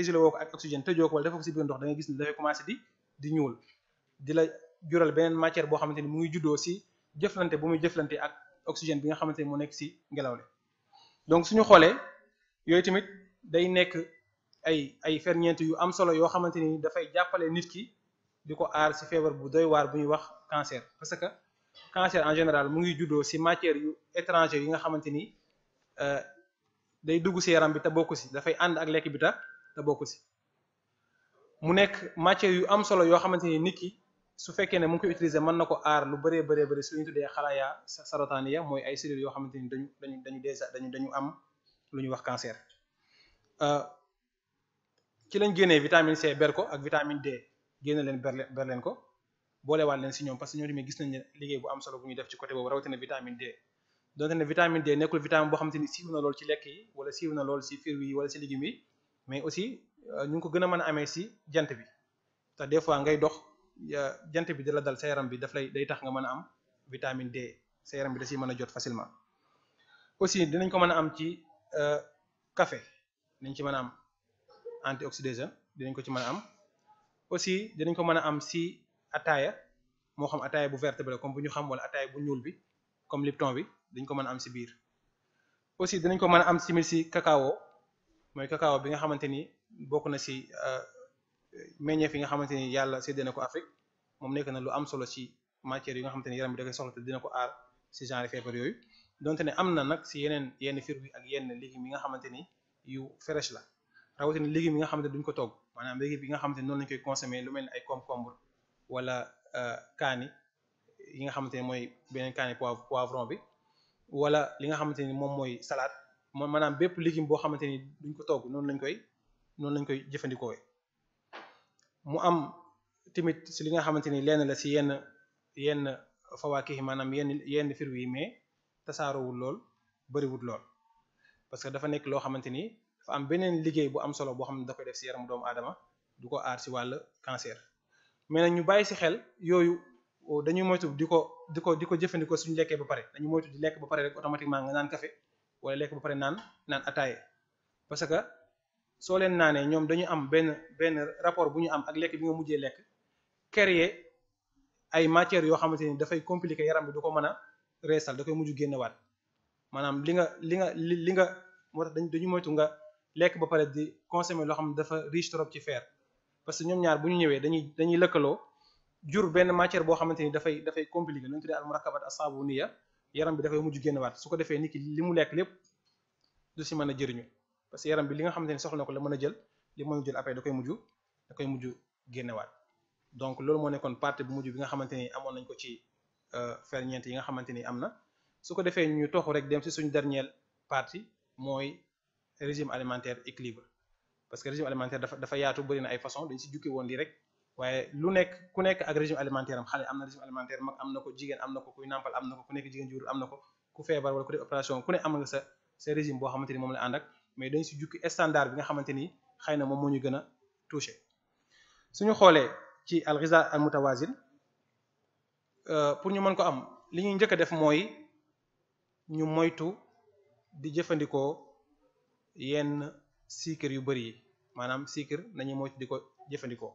S3: isolé woo ko ak oxygène tëjoo ko wala dafa ko si biir ndox da ngay gis ne dafay commencé di di ñuul di la jural beneen matière boo xamante ni mu ngi juddoo si jëflante bu muy jëflante ak oxygène bi nga xamante ni mu nekk si ngelaw li donc suñu xoolee yooyu tamit day nekk ay ay ferñeent yu am solo yoo xamante ni dafay jàppale nit ki di ko aar si feebar bu doy waar bu ñuy wax cancer parce que cancer en général mu ngi juddoo si matière yu étranger yi nga xamante ni euh, day dugg si yaram bi te bokku si dafay ànd ak lekk bi ta te bokku si mu nekk matière yu am solo yoo xamante ni nit ki su fekkee ne mu ngi koy utiliser mën na ko aar lu bëree bëree bëri su ñu tuddee xalaaya sarataaniya mooy ay cellules yoo xamante ni dañu dañu dañu déjà dañu dañu am lu ñuy wax cancer euh, ci lañ génnee vitamine C ber ko ak vitamine D génne leen ber ber leen ko boolewaat leen si ñoom parce que ñoo demee gis nañ ne liggéey bu am solo bu ñu def ci côté boobu rawatina vitamine D donte ne vitamine D nekkul vitamine boo xam te ni siiw na lool ci lekk yi wala siiw na lool si mais aussi euh, ñu ngi ko gën a mën a amee si jant bi te des fois ngay dox jant bi di la dal sa yaram bi daf lay day tax nga mën a am vitamine D sa yaram bi da siy mën a jot facilement aussi danañ ko mën a am ci euh, café nañ ci mën a am antioxydation danañ ko ci mën a am aussi danañ ko mën a am si ataaya moo xam ataaya bu verte bi la comme bu ñu xam wala ataaya bu ñuul bi comme lipton bi dañ ko mën a am si biir aussi dinañ ko mën a am simil si cacao mooy cacao bi nga xamante ni bokk na si euh, meññeef yi nga xamante ni yàlla séddee na ko Afrique moom nekk na lu am solo si matière yi nga xamante ni yaram bi da koy soxla te dina ko aar si genre feebar yooyu donte ne am na nag si yeneen yenn fruits ak yenn légumes yi nga xamante ni yu fresh la rawatina légumes yi nga xamante duñ ko toog maanaam légumes yi nga xamante noonu lañ koy consommer lu mel ni ay concombre wala euh, kaani yi nga xamante ne mooy beneen kaani poivron bi wala li nga xamante ni moom mooy salaat moom maanaam bépp légume boo xamante ni duñ ko toog noonu lañ koy noonu lañ koy jëfandikoo mu am tamit si li nga xamante ni lenn la si yenn yenn fawaakih yi maanaam yenn yenn fruits yi mais tasaaroowul lool bëriwul lool parce que dafa nekk loo xamante ni dafa am beneen liggéey bu am solo boo xam ne da koy def si yaramu doomu aadama du ko aar si wàll cancer mais na ñu bàyyi si xel yooyu oh, dañuy moytu di ko di ko di ko jëfandikoo suñu lekkee ba pare dañu moytu di lekk ba pare rek automatiquement nga naan café wala lekk ba pare naan naan ataaye parce que soo leen naanee ñoom dañu am benn benn rapport bu ñu am ak lekk bi nga mujjee lekk créer ay matières yoo xamante ni dafay compliquer yaram bi du ko mën a reesal da koy mujj génnewaat maanaam li nga li nga lekk ba pare di consommer loo xam ne dafa riche trop ci fer parce que ñoom ñaar bu ñu ñëwee dañuy dañuy lëkkaloo jur benn matière boo xamante ni dafay dafay compliqué lu ñu tuddee al murakabat asabuniya yaram bi dafay mujj génn waat su ko li mu lekk lépp du si mën a jëriñu parce que yaram bi li nga xamante ni soxla ko la mën a jël li mën a jël après da koy mujj da koy mujj génnewaat donc loolu moo nekkoon partie bu mujj bi nga xamante ni amoon nañ ko ci euh, ferñeent yi nga xamante ni am na su ko defee ñu toxu rek dem si suñ dernière partie mooy régime alimentaire équilibre parce que régime alimentaire dafa dafa yaatu bëri na ay façon dañ si jukki woon di rek waaye lu nekk ku nekk ak régime alimentaire am xale am na régime alimentaire mag am na ko jigéen am na ko kuy nàmpal am na ko ku nekk jigéen jur am na ko ku feebar wala ku def opération ku ne am nga moom la ànd dañ si jukki standard bi nga xamante ni na moom moo ñu gën a touché suñu xoolee ci al ghiza al mutawazin euh, pour ñu mën ko am li ñuy njëkk a def mooy ñu moytu di jëfandikoo yenn siikar yu bëri yi maanaam siikar nañu moytu di ko jëfandikoo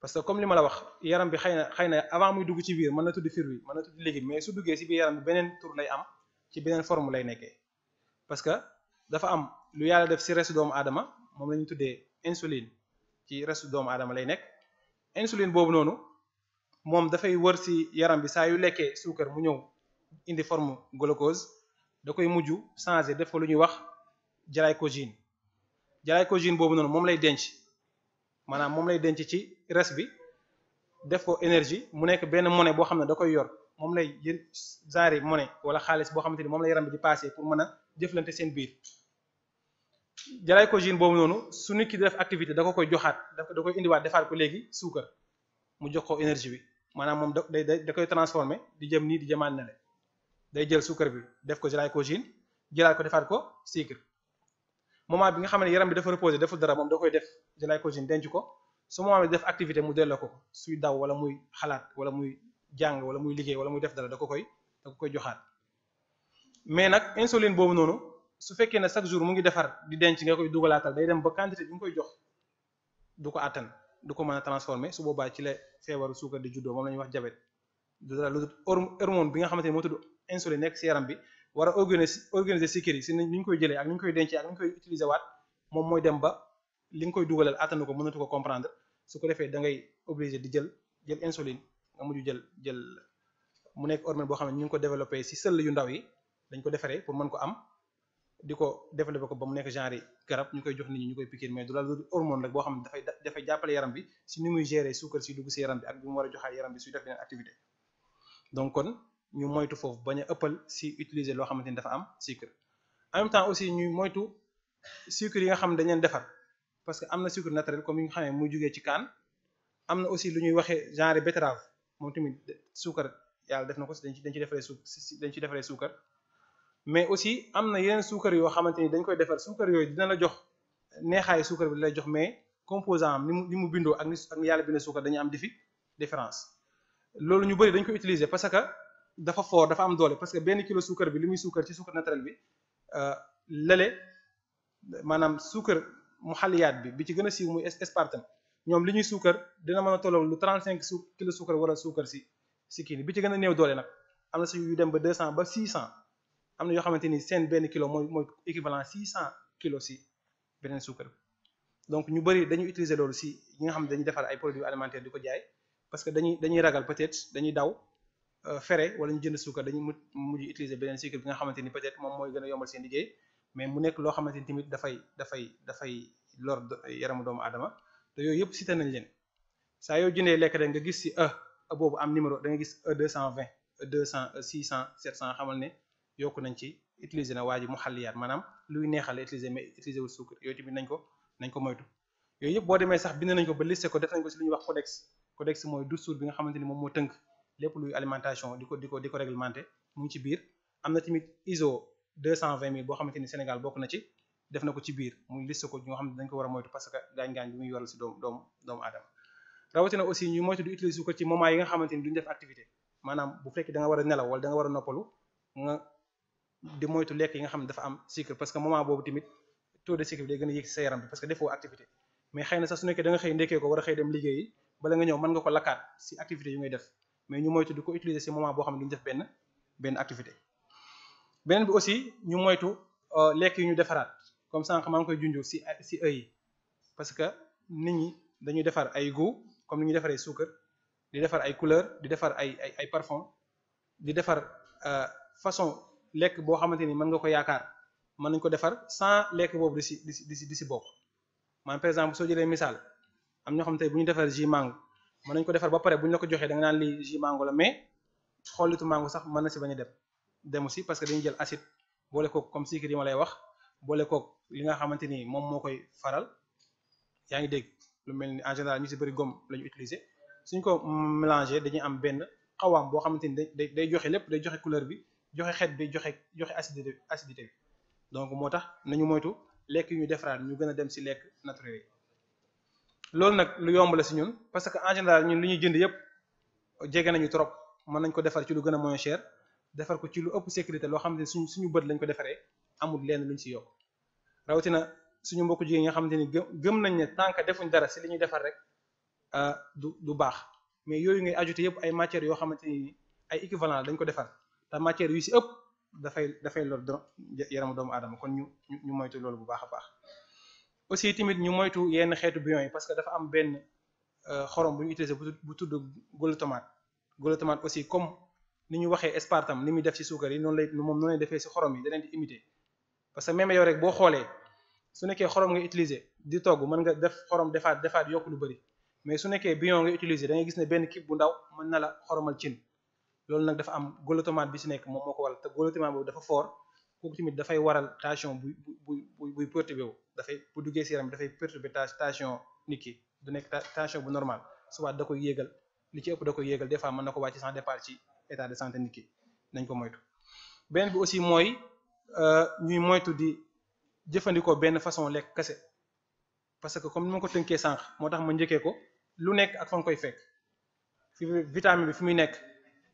S3: parce que comme li ma la wax yaram bi xëy na xëy na avant muy dugg ci biir mën na tudd fir wi mën na tudd légume mais su duggee ci biir yaram bi beneen tur lay am ci beneen forme lay nekkee parce que dafa am lu yàlla def ci restu doomu aadama moom la ñu tuddee insuline ci restu doomu aadama lay nekk insuline boobu noonu moom dafay wër ci yaram bi saa yu lekkee suukar mu ñëw indi forme glucose da koy mujj changer def lu ñuy wax glycogène glycogène boobu noonu moom lay denc maanaam moom lay denc ci res bi def ko énergie mu nekk benn monnaie boo xam ne da koy yor moom lay yën genre monnaie wala xaalis boo xamante ni moom lay yaram bi di passé pour mën a jëflante seen biir glycogène boobu noonu su nit ki def activité da koy joxaat da koy indiwaat defaat ko léegi suukar mu jox ko énergie bi maanaam moom da day da koy transformé di jëm nii di jëmaat ne day jël suukar bi def ko glycogène jëlaat ko defaat ko sucre moment bi nga xam ne yaram bi dafa reposé deful dara moom da koy def glycogène denc ko su moment bi def activité mu delloo ko suy daw wala muy xalaat wala muy jàng wala muy liggéey wala muy def dara da ko koy da ko koy joxaat mais nag insuline boobu noonu su fekkee ne chaque jour mu ngi defar di denc nga koy dugalaatal day dem ba quantité bi nga koy jox du ko attan du ko mën a transformer su boobaa ci la feebaru suukar di juddoo moom la ñuy wax diabète du dara lu hormone bi nga xamante ni moo tudd insuline nekk si yaram bi wara a organiser organiser si kër yi si ni ñu koy jëlee ak ni ñu koy dencee ak ni ñu koy utiliser waat moom mooy dem ba li nga koy dugalal attanu ko mënatu ko comprendre su ko defee da ngay obligé di jël jël insuline nga mujj jël jël mu nekk hormone boo xam ne ñu ngi ko développé si sëll yu ndaw yi dañ ko defaree pour mën ko am di ko développé ko ba mu nekk genre garab ñu koy jox nit ñi ñu koy piquer mais du la lu hormone rek boo xam ne dafay dafay jàppale yaram bi si ni muy gérer suukar a joxaat bi suy def beneen activité ñu moytu foofu bañ a ëppal si utiliser loo xamante ni dafa am sucre en même temps aussi ñuy yi nga xam ne defar parce que am na sucre naturel comme yi nga ne muy jugee ci kaan am na aussi lu ñuy waxee genre betterave moom tamit suukar yàlla def na ko si dañ ci dañ ci defaree su dañ ci defaree suukar mais aussi am na yeneen suukar yoo xamante ni dañ koy defar suukar yooyu dina la jox neexaayu suukar bi lay jox mais composant am ni mu ni mu bindoo ak ni ak ni yàlla bindoo suukar dañu am difi différence loolu ñu bëri dañ ko utiliser parce que dafa fort dafa am doole parce que benn kilo suukar bi li muy suukar ci suukar naturel bi euh, lële maanaam suukar mu xaliyaat bi bi ci gën a siiw muy espartam ñoom li ñuy suukar dina mën a tolloo lu 35 su kilo suukar wala suukar si si kii bi ci gën a néew doole nag am na si yu dem ba 200 ba 600 am na yoo xamante ni seen benn kilo mooy mooy équivalent 600 kilos si beneen suukar donc ñu bëri dañuy utiliser loolu si yi nga xam ne dañuy defar ay produits di ko jaay parce que dañuy dañuy ragal peut-être dañuy daw. Euh, fere wala ñu jënd suukar dañuy mujj utiliser beneen sucre a yombal seen liggéey mu nekk loo xamante ni te yooyu yëpp cité nañ yoo jëndee lekk nga gis si e, e boobu am numéro da nga gis e 220 e 200 e 600 700 xamal ne yokku ci utiliser na waa ji mu xalliyaat maanaam luy utiliser mais utiliser bi nga xamante ni moom moo tënk lépp luy alimentation di ko di ko di ko réglementé mu ci biir am na tamit ISO deux cent vingt mille boo xamante ni Sénégal bokk na ci def na ko ci biir muy liste ko ñoo xam ne dañ ko war a moytu parce que gaañ-gaañ bi muy yoral si doomu doomu yi nga xamante ni duñ def activité maanaam bu fekkee da nga war a nelaw wala a noppalu nga di moytu yi nga xam ne am sucre parce que moment boobu tamit taux de sucre parce que defoo activité mais xëy na sax su nekkee da nga xëy ndekkee ko war a xëy dem liggéeyi bala nga ñëw mën nga ko lakkaat si activité yu ngay def mais ñu moytu di ko utiliser si moment boo xam ne duñu def benn benn activité beneen bi aussi ñu moytu euh, lekk yu ñu defaraat comme sànq maa ngi koy junju si si œil parce que nit ñi dañuy defar ay goût comme ni ñuy defaree suukar di defar ay couleur di defar ay ay ay parfum di defar euh, façon lekk boo xamante ni mën nga ko yaakaar mën nañ ko defar sans lekk boobu di si di si di si bokk maanaam par exemple soo jëlee misaal am ñoo xam tey bu ñu defar jus mangue mën nañ ko defar ba pare bu ñu la ko joxee da nga naan lii jus mango la mais xollitu mango sax mën na si bañ dem demu si parce que dañuy jël acide boole kook comme sucre yi ma lay wax boole kook li nga xamante ni moom moo koy faral yaa ngi dégg lu mel ni en général ñu si bëri gomme lañu ñu suñ ko mélanger dañuy am benn xawaam boo xamante ni day day joxe lépp day joxe couleur bi joxe xet bi joxe joxe acidité acidité bi donc moo tax nañu moytu lekk yu ñu defaraat ñu gën a dem si lekk naturel yi loolu nag lu yomb la si ñun parce que en général ñun li ñuy jënd yëpp jege nañu trop mën nañ ko defar ci lu gën a moins cher defar ko ci lu ëpp sécurité loo xam ne suñ suñu bët lañ ko defaree amul lenn luñ si yokk rawatina suñu mbokku jigéen ñi nga xamante ni gëm nañ ne tant que defuñ dara si li ñuy defar rek ah, du du baax mais yooyu ngay ajouté yëpp ay matières yoo xamante ni ay équivalent dañ ko defar te matière yu si ëpp dafay dafay lor yaramu doomu aadama kon ñu ñu moytu loolu bu baax a baax. aussi tamit ñu moytu yenn xeetu bouillon yi parce que dafa am benn euh, xorom bu ñu utiliser bu tudd gulu tomate gulu tomate aussi comme ni ñu waxee aspartame ni muy def ci suukar yi noonu lay moom noonu lay defee ci xorom yi deneen leen di imiter parce que même rek boo xoolee su nekkee xorom nga di togg mën nga def xorom defaat defaat yokk lu bëri mais su nekkee bouillon nga utiliser da ngay gis ne benn kib bu ndaw mën na la xoromal cin loolu nag dafa am gulu tomate bi ci nekk moom moo ko waral te gulu tomate boobu dafa fort kooku dafay waral tension bu buy buy buy perturbé wu dafay bu duggee si yaram dafay perturbé tension nit ki du nekk tension bu normal soit da koy yéegal li ci ëpp da koy yéegal des fois mën na ko wàcc sans départ ci état de santé nit ki nañ ko moytu beneen bi aussi mooy euh, ñuy moytu di jëfandikoo benn façon lekk kese parce que comme ni ma ko tënkee sànq moo tax ma njëkkee ko lu nekk ak fa nga koy fekk fi vitamine bi fi muy nekk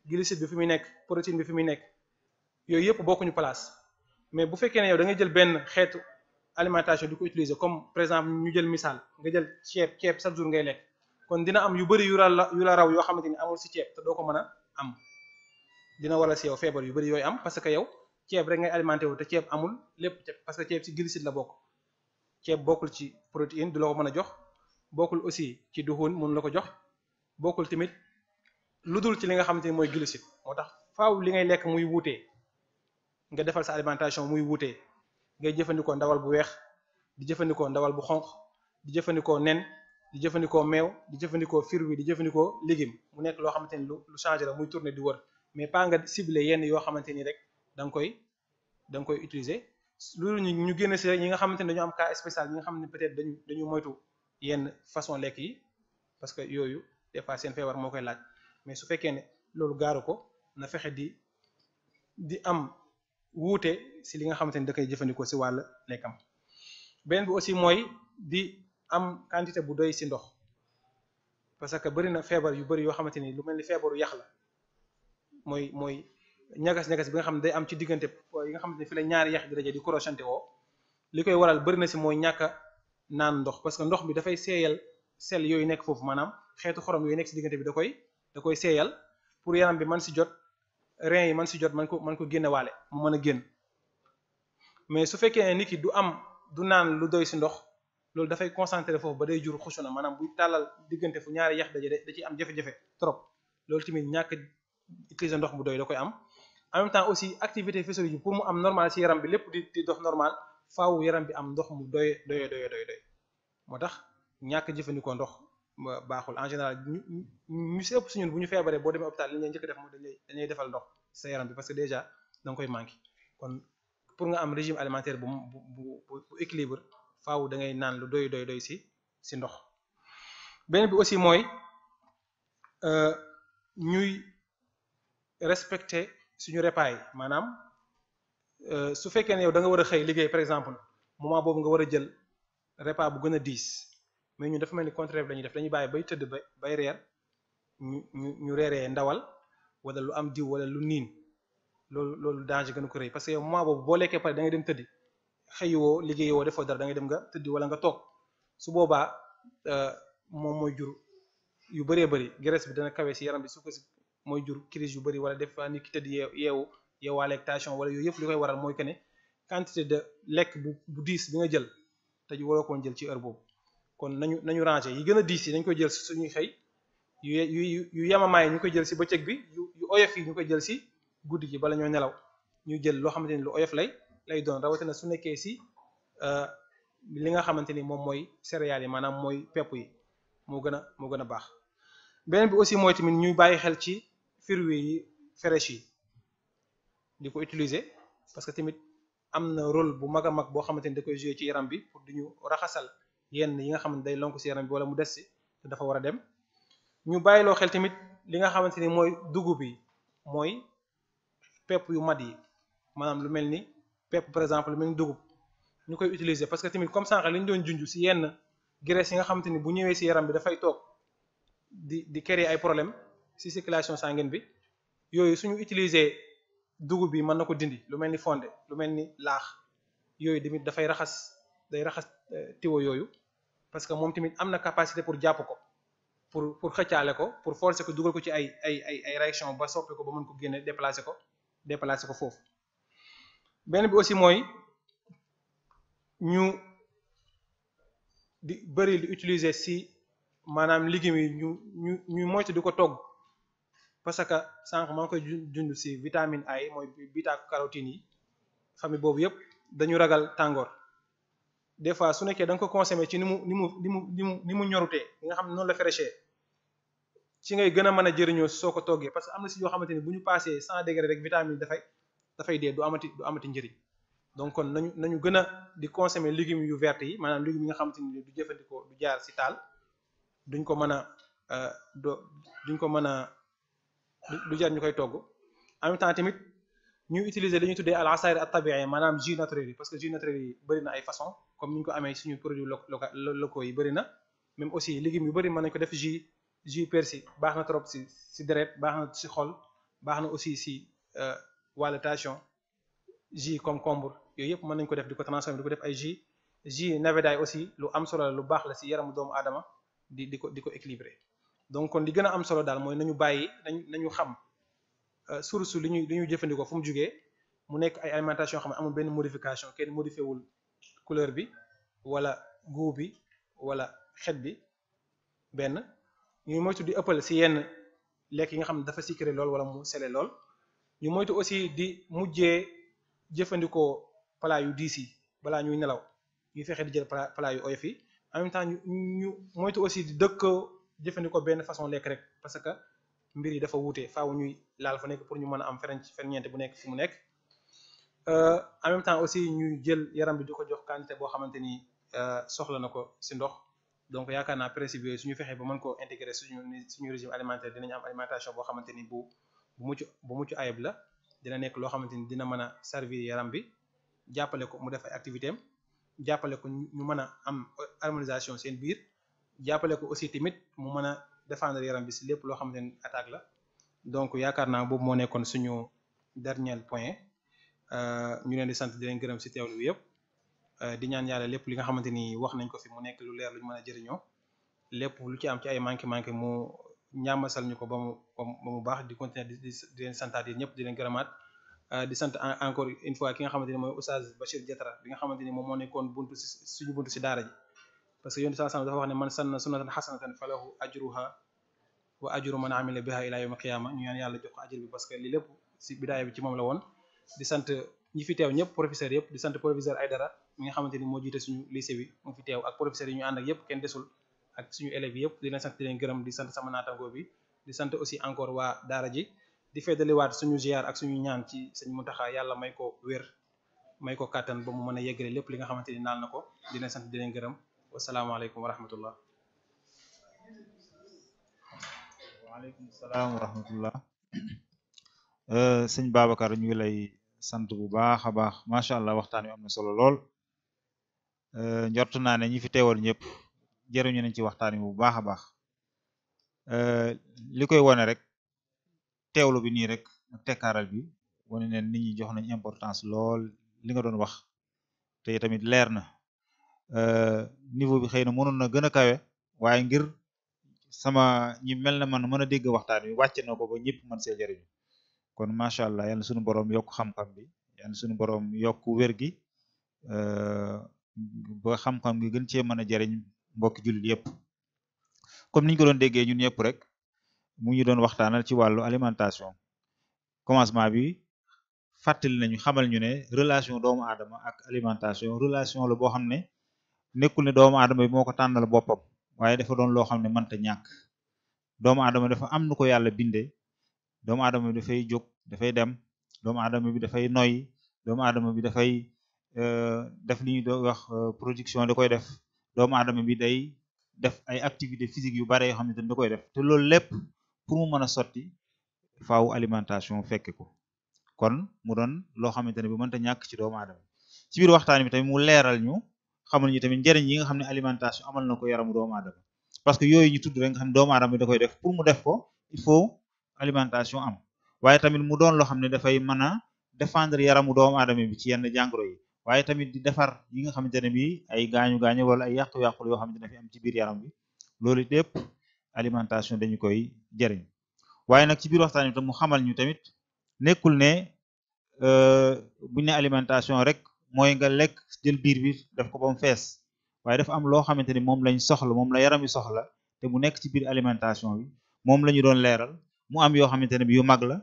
S3: glucide bi fi muy nekk protéine bi fi muy nekk yooyu yëpp bokkuñu place mais bu fekkee ne yow da nga jël benn xeet alimentation di ko utiliser comme par exemple ñu jël misaal nga jël ceeb ceeb chaque jour ngay lekk kon dina am yu bëri yu la yu la raw yoo xam xamante ni amul si ceeb te doo ko mën a am dina waral si yow feebar yu bëri yooyu am parce que yow ceeb rek ngay alimenté wu te ceeb amul lépp ceeb parce que ceeb si glucide la bokk ceeb bokkul ci protéine du la ko mën a jox bokkul aussi ci duxuun mun la ko jox bokkul tamit lu dul ci li nga xamante ni mooy glucide moo faaw li ngay lekk muy wuutee nga defal sa alimentation muy wuutee ngay jëfandikoo ndawal bu weex di jëfandikoo ndawal bu xonq di jëfandikoo nen di jëfandikoo meew di jëfandikoo fruits di jëfandikoo légumes mu nekk loo xamante ni lu lu changé la muy tourné di wër mais pas nga ciblé yenn yoo xamante ni rek da nga koy da utiliser loolu ñu ñu génn si ñi nga xamante ni dañu am cas spécial ñi nga xam ne peut-être dañu dañu moytu yenn façon lekk yi parce que yooyu des fois seen feebar moo koy laaj mais su fekkee ne loolu gaaru ko na fexe di wuute si li nga xamante ni da koy jëfandikoo si wàll lekkam beneen bi aussi mooy di am quantité bu doy si ndox parce que bëri na feebar yu bëri yoo xamante ni lu mel ni feebaru yax la mooy mooy ñagas-ñagas bi nga xam day am ci diggante yi nga xamante ni la ñaari yax di daje di crochante woo li koy waral bëri na si mooy ñàkk a naan ndox parce que ndox bi dafay seeyal sel yooyu nekk foofu maanaam xeetu xorom yooyu nekk si diggante bi da koy da koy seeyal pour yaram bi man si jot rein yi man si jot man ko man ko génne waale mu mën a génn mais su fekkee ne nit ki du am du naan lu doy si ndox loolu dafay concentré foofu ba day jur xusu na maanaam buy tàllal diggante fu ñaari yax daja da ciy am jafe-jafe trop loolu tamit ñàkk utiliser ndox mu doy da koy am en temps aussi activité physique pour mu am normal yaram bi lépp di di normal faaw yaram bi am ndox mu doy doy doy doy doy moo tax ñàkk jëfandikoo ndox baaxul en général ñu ñu si ëpp ñun bu ñu feebaree boo demee hôpital li ñuy njëkk def mooy defal ndox sa yaram bi parce que déjà da nga koy manqué kon pour nga am régime alimentaire bu bu bu bu équilibre faaw da ngay naan lu doy doy doy si si ndox beneen bi aussi mooy euh, ñuy respecter suñu repas yi maanaam euh, su fekkee ne yow da nga war a xëy liggéey par exemple moment boobu nga war a jël repas bu gën a diis. mais ñun dafa mel ni contraire bi la ñuy def bàyyi bay tëdd ba bay reer ñu ñu ñu reeree ndawal wala lu am diw wala lu niin loolu loolu danger gën a ko rëy parce que yow moment boobu boo lekkee pare da ngay dem tëddi xëyiwoo liggéeyoo defoo dara dangay dem nga tëddi wala nga toog su boobaa euh, moom mooy jur yu bëree bëri graisse bi dana kawe si yaram bi su ko si mooy jur crise yu bëri wala des fois nit ki tëdd yeew yeewu yeewaale tension wala yooyu yëpp li koy waral mooy que ne quantité de lekk bu bu diis bi nga jël te waroo koon jël ci heure boobu kon nañu nañu rangé yi gën a diis yi nañ koy jël si suñuy xëy yu yu yu yamamaay yi ñu koy jël si bëccëg bi yu yu oyof yi ñu koy jël si guddi gi bala ñoo nelaw ñu jël loo xamante ni lu oyof lay lay doon rawatina su nekkee si euh, li nga xamante ni moom mooy céréales yi maanaam mooy pepp yi moo gën a moo gën a baax beneen bi aussi mooy tamit ñuy bàyyi xel ci fruits yi fraîches yi di ko utiliser parce que tamit am na rôle bu mag a mag boo xamante ni da koy jouer ci yaram bi pour di ñu raxasal yenn yi nga xam ne day lonk si yaram bi wala mu des si te dafa war a dem ñu bàyyiloo xel tamit li nga xamante ni mooy dugub yi mooy pepp yu mat yi maanaam lu mel ni pepp par exemple lu dugub ñu koy utiliser parce que tamit comme sànq li ñu doon junj si yenn graisse yi nga xamante ni bu ñëwee si yaram bi dafay toog di di créer ay problème si circulation sanguine bi yooyu suñu utiliser dugub bi mën na ko dindi lu mel ni fonde lu mel ni laax yooyu tamit dafay raxas day raxas euh, tiwo yooyu parce que moom tamit am na capacité pour jàpp ko pour pour xëccaale ko pour forcer ko dugal ko ci ay ay ay ay ba soppi ko ba mën ko génne déplacé ko déplacé ko foofu benn bi aussi mooy ñu di bëri di utiliser si maanaam légumes yi ñu ñu ñu moytu du ko togg parce que sànq maa ngi koy jund si vitamine A mooy bêta carotène yi famille boobu yëpp dañu ragal tàngoor des fois su nekkee da ko consommé ci ni mu ni mu ni mu ni mu ni mu ñorutee nga xam ne noonu la fraîché ci ngay gën a mën a jëriñoo soo ko toggee parce que am na si yoo xamante ni bu ñu passé cent degré rek vitamine dafay dafay dee du amati du amati njëriñ don kon nañu nañu gën a di consommer légumes yu verte yi maanaam légumes yi nga xamante ni du jëfandikoo du jaar si taal duñ ko mën a euh, do duñ ko mën a du jar ñu koy togg en temps tamit ñu utiliser li ñuy tuddee al asaari at tabi'i maanaam jus naturel yi parce que jus naturel yi bëri na ay façon comme ni ñu ko amee suñu produit local locaux yi bëri na même aussi légumes yu bëri mën nañ ko def jus jus persil baax na trop si si deret baax na si xol baax na aussi si euh, wàllu tension jus concombre yooyu yëpp mën nañ ko def di ko transformer di ko def ay jus jus navedaay aussi lu am solo la lu baax la si yaramu doomu aadama di di ko di ko équilibrer donc kon li gën a am solo daal mooy nañu bàyyi nañu nañu xam euh, source li ñuy li ñuy jëfandikoo fu mu jugee mu nekk ay alimentation xam ne amul benn modification kenn modifié wul couleur bi wala goût bi wala xet bi benn ñuy moytu di ëppal si yenn lekk yi nga xam ne dafa sucré lool wala mu sele lool ñu moytu aussi di mujjee jëfandikoo palaa yu diis yi balaa ñuy nelaw ñuy fexe di jël plat yu oyof yi en même temps ñu moytu aussi di dëkkoo jëfandikoo benn façon lekk rek parce que mbir yi dafa wuute faaw ñuy laal fa nekk pour ñu mën a am fereñ ferñeent bu nekk fi mu nekk Euh, en même temps aussi ñu jël yaram bi di ko jox quantité boo xamante ni euh, soxla na ko si ndox donc yaakaar naa principe suñu fexee ba mën ko intégrer suñu suñu régime alimentaire dinañ am alimentation boo xamante ni bu bu mucc bu mucc ayib la dina nekk loo xamante ni dina mën a servir yaram bi jàppale ko mu def activité am jàppale ko ñu mën a am euh, harmonisation seen biir jàppale ko aussi tamit mu mën a défendre yaram bi si lépp loo xamante ni attaque la donc yaakaar naa boobu moo nekkoon suñu dernier point Euh, ñu leen di sant di leen gërëm si teewlu bi yëpp euh, di ñaan yàlla lépp li nga xamante ni wax nañ ko fi mu nekk lu leer lu ñu mën a jëriñoo lépp lu ci am ci ay manqué manqué mu ñaamasal ñu ko ba mu baax di continuer di di leen santaat ñëpp di leen gërëmaat euh, di sant encore une fois ki nga xamante mooy Oustaz Bachir nga xamante ni moom moo nekkoon buntu si suñu buntu si daara ji parce que yonent saa dafa wax ne man sanna sunnatan hasanatan falahu ajruha wa ajru man amila biha ila yawmi yàlla jox ko ajr bi parce que li lépp si bidaaya bi moom la woon di sant ñi fi teew ñëpp professeur yëpp di sant proviseur Aydara mi nga xamante ni moo jiite suñu lycée bi mu fi teew ak professeur yi ñu ànd ak yëpp kenn desul ak suñu élèves yëpp di leen sant di leen gërëm di sant sama naataango bi di sant aussi encore waa daara ji di feddaliwaat suñu ziar ak suñu ñaan ci sëñ Muntaxa yàlla may ko wér may ko kàttan ba mu mën a yeggale lépp li nga xamante ni naal na ko di leen sant di leen gërëm wasalaamaaleykum wa rahmatullah waaleykum
S2: salaam Eh, sëñ Babacar ñu ngi lay sant bu baax a baax macha allah waxtaan wi am na solo lool eh, njort naa ne ñi fi teewal ñëpp jëriñu nañ ci waxtaan wi bu baax a baax eh, li koy wane rek teewlu bi nii rek ak tekkaaral bi wane ne ni ñi jox nañ importance lool li nga doon wax te tamit leer na niveau bi xëy na mënoon na gën a kawe waaye ngir sama ñi mel na man mën a dégg waxtaan wi wàcc na ko ba ñëpp mën see jëriñu kon macha allah yal na suñu borom yokk xam-xam bi yal na suñu borom yokk wér gi euh, ba xam-xam gi gën cee mën a jariñ mbokki jullit yëpp comme niñ ko doon déggee ñun ñëpp rek mu ñu doon waxtaanal ci wàllu alimentation commencement bi fàttali nañu xamal ñu ne relation doomu aadama ak alimentation relation la boo xam ne nekkul ne doomu aadama bi moo ko tànnal boppam waaye dafa doon loo xam ne manta ñàkk doomu aadama dafa am nu ko yàlla binde doomu aadama bi dafay jóg dafay dem doom adama bi dafay noyyi doomu aadama bi dafay euh, def li ñuy wax euh, production da koy def doomu aadama bi day def ay activité physique yu bare yoo xam ne da koy def te loolu lépp pour mu mën a sotti faaw alimentation fekke ko kon mu doon loo xamante ne bi mënta ñàkk ci doomu aadama ci biir waxtaan bi tamit mu leeral ñu xamal ñu tamit njëriñ yi nga xam ne alimentation amal na ko yaramu doomu aadama parce que yooyu ñu tudd xam ne doomu aadama def pour mu def ko alimentation am waaye tamit mu doon loo xam ne dafay mën a défendre yaramu doomu aadama bi ci yenn jàngoro yi waaye tamit di defar yi nga xamante ne bi ay gaañu-gaañu wala ay yàqu-yàqul yoo xamante ne fi am ci biir yaram bi loolu lépp alimentation dañu koy jëriñ waaye nag ci biir waxtaan bi mu xamal ñu tamit nekkul ne euh, buñ ne alimentation rek mooy nga lekk jël biir bi def ko ba fees waaye dafa am loo xamante ni moom lañ soxla moom la yaram yi soxla te mu nekk ci biir alimentation bi moom la ñu doon leeral mu am yoo xamante ne bi yu mag la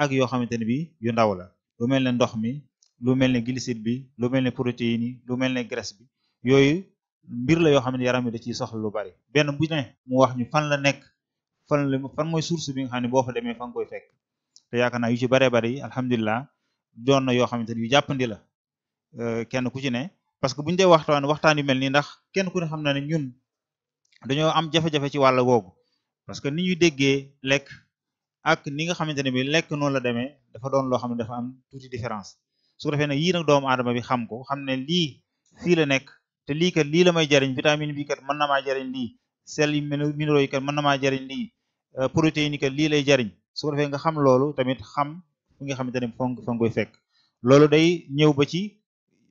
S2: ak yoo xamante ne bi yu ndaw la lu mel ne ndox mi lu mel ne glycide bi lu mel ne protéine yi lu mel ne graisse bi yooyu mbir la yoo xam ne yaram bi da ciy soxla lu bari benn bu mu wax ñu fan la nekk fan la fan mooy source bi nga xam ne boo fa demee fa koy fekk te yaakaar naa yu ci baree bari alhamdulilah doon na yoo xamante ne yu jàppandi la euh, kenn ku ci ne parce que bu ñu dee waxtaan waxtaan yu mel nii ndax kenn ku ne xam na ne ñun dañoo am jafe-jafe ci wàll googu parce que ak ni nga xamante ne bi lekk noonu la demee dafa doon loo xam ne dafa am tuuti différence su ko defee nag yii nag doomu aadama bi xam ko xam ne lii fii la nekk te lii kat lii la may jariñ vitamine bi kat mën na maa jariñ li sel yi minéraux yi kat mën na maa jariñ lii euh, protéine yi lii lay jariñ su ko nga xam loolu tamit xam fi nga xamante ne bi fonk koy fekk loolu day ñëw ba ci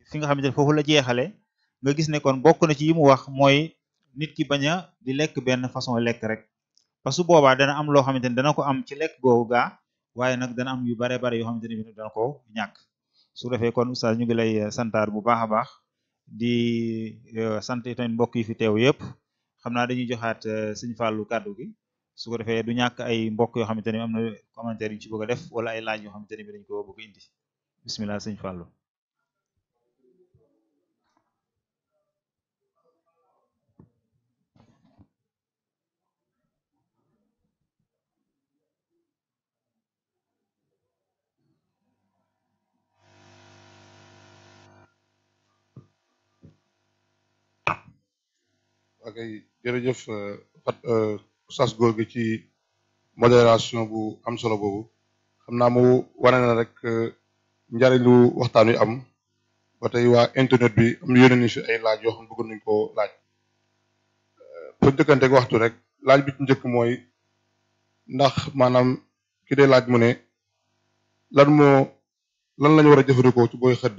S2: fi nga xamante ne foofu la jeexale nga gis ne kon bokk na ci yi mu wax mooy nit ki bañ a di lekk benn façon lekk rek parce que boobaa dana am loo xamante ni dana ko am ci lek googu gaa waaye nag dana am yu bare bare yoo xamante ni bi dana ko ñàkk su defee kon oustaz ñu ngi lay eh, santaar bu baax a baax di eh, sant tamit mbokk yi fi teew yëpp xam naa dañuy joxaat eh, suñu fàllu kàddu gi su ko defee du ñàkk ay mbok yoo xamante ni am na commentaire yu ñu ci def wala ay laaj yoo xamante ni bi dañ ko bëgg indi bismillah suñu fàllu
S1: ak ay jërëjëf euh, fat euh, sas góor ci modération bu am solo boobu xam naa mu wane na rek euh, njariñ lu waxtaan wi am ba tey waa internet bi am yónnee ni fi ay laaj yoo xam ne bëgg waxtu rek laaj bi ci njëkk mooy ndax maanaam ki dee laaj mu ne lan moo lan lañu war a jëfandikoo ci booy xëdd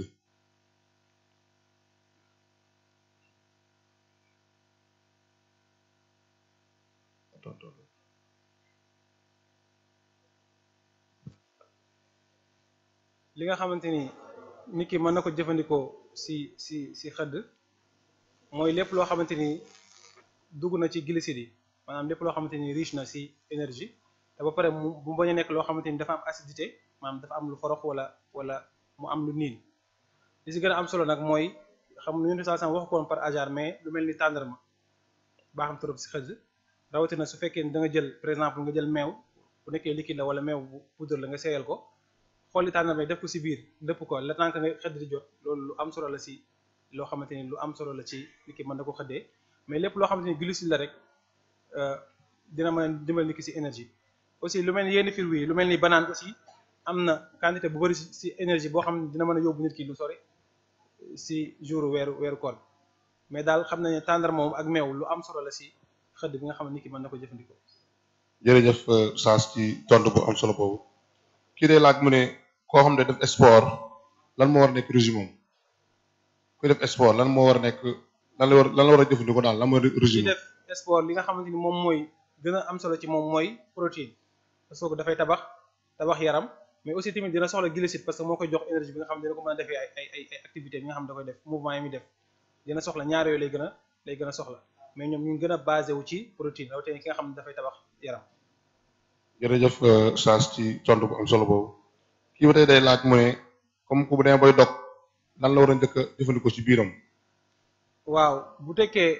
S3: li nga xamante ni nit ki mën na ko jëfandikoo si si si xëdd mooy lépp loo xamante ni dugg na ci glucides yi maanaam lépp loo xamante ni riche na si énergie te ba pare mu mu bañ nekk loo xamante ni dafa am acidité maanaam dafa am lu forox wala wala mu am lu niin li si gën a am solo nag mooy xam nu ñu saa sam wax ko woon par hasard mais lu mel ni tàndarma baaxam trop si xëdd rawatina su fekkee ni da nga jël par exemple nga jël meew bu nekkee liquide la wala meew bu poudre la nga seeyal ko xooli tànn bi def ko si biir dëpp ko le temps que nga xëdd di jot loolu lu am solo la si loo xamante ni lu am solo la ci nit mën na ko xëddee mais lépp loo xamante ni glucide la rek euh, dina mën a dimbal si énergie aussi lu mel ni yenn lu mel ni banaan aussi am na quantité bu bëri si énergie boo xam ne dina mën a yóbbu nit ki lu sori si jour weeru weeru mais daal xam nañ ne tàndarma moom ak meew lu am solo la si xëdd bi nga xam ne ki mën na ko jëfandikoo.
S1: jërëjëf euh, Saas ci tontu bu am solo boobu. kii day laaj mu ne koo xam ne def sport lan moo war a nekk régime am kuy def lan moo war a nekk lan la war lan la war a jëfandikoo daal lan moo régime
S3: def sport li nga xam ni moom mooy gën a am solo ci moom mooy protéine parce que dafay tabax tabax yaram mais aussi tamit dina soxla glucide parce que moo koy jox énergie bi nga xam ne dina ko mën a defee ay ay ay activités nga xam ne da koy def mouvement yi muy def dina soxla ñaar yooyu lay gën a lay gën a soxla mais ñoom ñu gën a basé wu ci protéine rawatina ki nga xam ne dafay tabax yaram
S1: jërëjëf euh, Saas ci tontu bu am solo boobu kii ba tey day laaj mooy ne comme ku bu demee bay dog lan la war a jëfandikoo ci biiram.
S3: waaw bu tekkee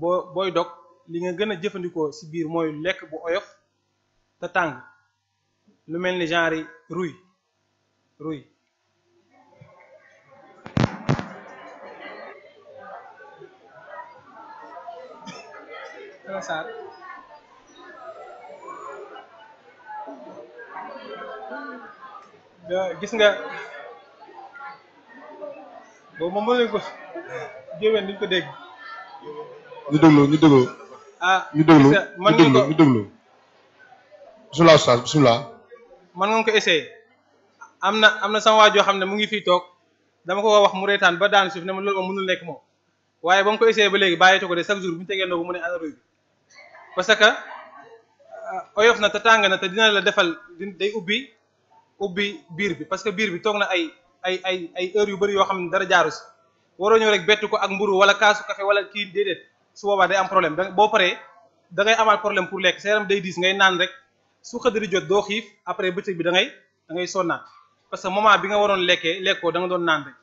S3: boo booy dog li nga gën a jëfandikoo si biir mooy lekk bu oyof te tàng lu mel ni genre ruy ruy. gis nga boobu moom mën nañu ko jéwén nañu ko dégg. ñu déglu ñu déglu. ah ñu déglu ñu déglu ñu déglu. bisimilah oustaz man nga ko essayé am na am na sama waa joo xam ne mu ngi fi toog dama ko wax mu reetaan ba daan suuf ne ma loolu moom mënul nekk moom waaye ba ko essayé ba léegi bàyyeetu ko de chaque jour bu ñu tegee ndogu mu ne ana parce que ah, oyof na te tàng na te dina la defal day ubbi. ubbi biir bi parce que biir bi toog na ay ay ay ay heures yu bëri yoo xam ne dara jaaro si waroo rek bett ko ak mburu wala kaasu café wala kii déedéet su boobaa day am problème boo paree dangay ngay amaat problème pour lekk sa yaram day diis ngay naan rek su xëdëri jot doo xiif après bëccëg bi da ngay da ngay sonnaat parce que moment bi nga waroon lekkee lekkoo danga doon naan rek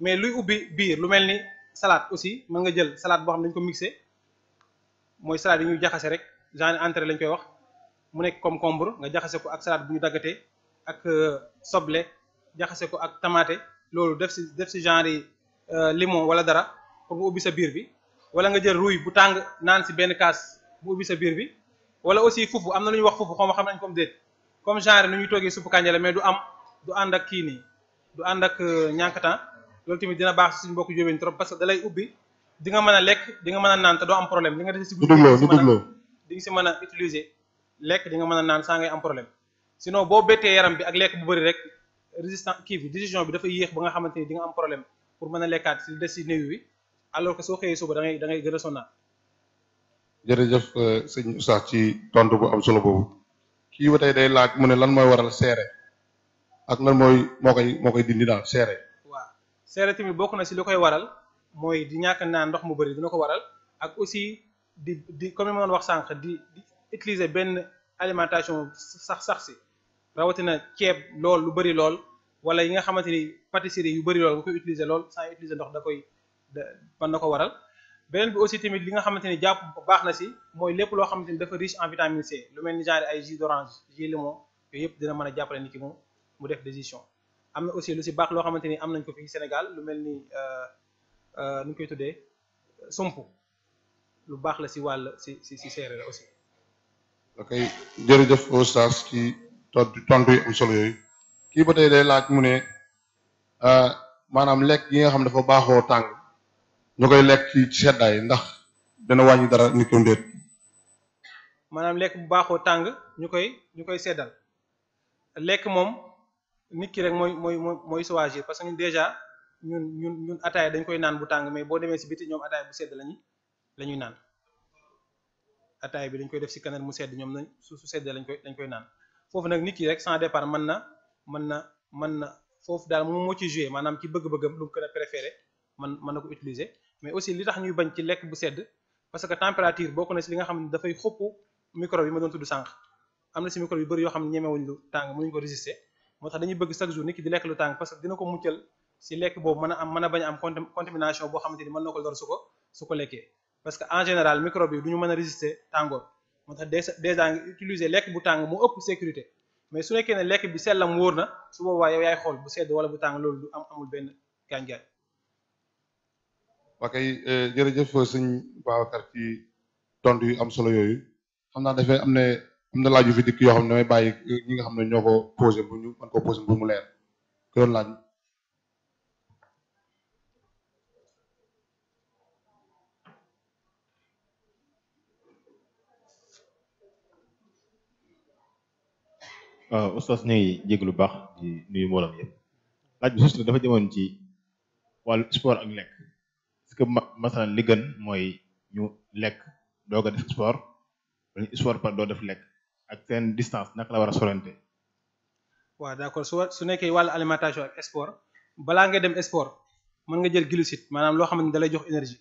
S3: mais luy ubbi biir lu mel ni salaat aussi mën nga jël salaat boo xam ne dañ ko mixé mooy salade yi ñuy rek genre entrée lañ koy wax mu nekk concombre nga jaxase ko ak salade bu ñu daggatee ak euh, soble jaxase ko ak tamaate loolu def si def si genre yi euh, limon wala dara pour nga ubbi sa biir bi wala nga jël ruy bu tàng naan si benn kaas bu ubbi sa biir bi wala aussi fufu am na lu ñuy wax fufu xaw ma xam nañ comme déet comme genre nu ñuy toogee suppu kànja mais du am du ànd ak kii nii du ànd ak euh, ñànkatan loolu tamit dina baax suñu mbokku jóobeen trop parce que dalay ubbi di nga mën a lekk di nga mën a naan te doo am problème li nga def si guddi di nga si mën a utiliser lekk di nga mën a naan saa am problème sinon boo bettee yaram bi ak lekk bu bëri rek résistance kii bi décision bi dafa yéex ba nga xamante ni di nga am problème pour mën a lekkaat si des si néew bi alors que soo xëyee suba da ngay da ngay gën a sonnaat.
S1: Euh, tontu bu am solo boobu kii ba tey day laaj mu ne lan mooy waral seere ak lan mooy moo koy moo koy dindi daal seere.
S3: waaw seere tamit bokk na si li koy waral mooy di ñàkk naan ndox mu bëri dina ko waral ak aussi di di comme wax sànq di di benn alimentation sax sax si. rawatina ceeb lool lu bari lool wala yi nga xamante ni pâtisserie yu bari lool nga koy utiliser lool saa utiliser ndox da koy mën na ko waral beneen bi aussi tamit li nga xamante ni jàpp baax na si mooy lépp loo xamante ni dafa riche en vitamine C lu mel ni genre ay jus d'orange jus limon yooyu yëpp dina mën a jàppale nit ki mu mu def digestion am na aussi lu si baax loo xamante ni am nañ ko fii Sénégal lu mel ni euh, euh, nu ñu koy tuddee sump lu baax la si wàll si si si aussi
S1: ok jërëjëf Oustaz ci tontu tontu yu am solo yooyu kii ba tey day laaj mu ne ah, maanaam lekk yi nga xam dafa baaxoo tàng ñu koy lekk ci seddaay ndax dana wàññi dara nit ko ndéet
S3: maanaam lekk bu baaxoo tàng ñu koy ñu koy seddal lekk moom nit ki rek mooy mooy mooy choisir parce que déjà ñun ñun ñun ataaya dañ koy naan bu tàng mais boo demee si biti ñoom ataaya bu sedd lañu la ñuy naan ataaya bi dañ koy def si kanam mu sedd ñoom nañ su su sedd lañ koy dañ koy naan foofu nag nit ki rek sans départ mën na mën na na foofu daal moom moo ci joué maanaam ci bëgg-bëggam lu mu a ko utiliser mais aussi li tax ñuy bañ ci lekk bu sedd parce que température bokk na si li nga xam ne dafay xuppu microbe yi ma doon tudd sànq am na si microbe yu bëri yoo xam ne ñemewuñ lu tàng mënuñ ko résister moo tax dañuy bëgg chaque jour nit ki di lekk lu tàng parce que dina ko muccal si lekk boobu mën a am mën a bañ am contamination boo xamante ni mën na ko lor su ko su ko lekkee parce que en général microbe ñu mën a résister tàngoor moo tax dèjà dèjà utiliser lekk bu tàng moo ëpp sécurité mais su nekkee ne lekk bi sellam wóor na su boobaa yow yaay xool bu sedd wala bu tàng loolu du am amul benn gaañ-gaañ.
S1: waa kay jërëjëf sëñ Babacar ci tontu yu am solo yooyu xam naa dafay am ne am na laaj yu fi dikk yoo xam ne damay bàyyi euh, ñi nga xam ne ñoo ko posé bu ñu mën ko posé bu mu leer ku doon laaj.
S2: waaw euh, oustaz ñu ngi jéglu baax di nuyu mboolam yëpp laaj bi suuf dafa jëmoon ci wall sport ak lekk parce que masalan li gën mooy ñu lekk doog a def sport wala doo def lekk ak seen distance
S3: naka la war a sorante waaw d'accord su su nekkee wàllu alimentation ak balaa nga dem sport mën nga jël glucide maanaam loo xamante ni dalay jox énergie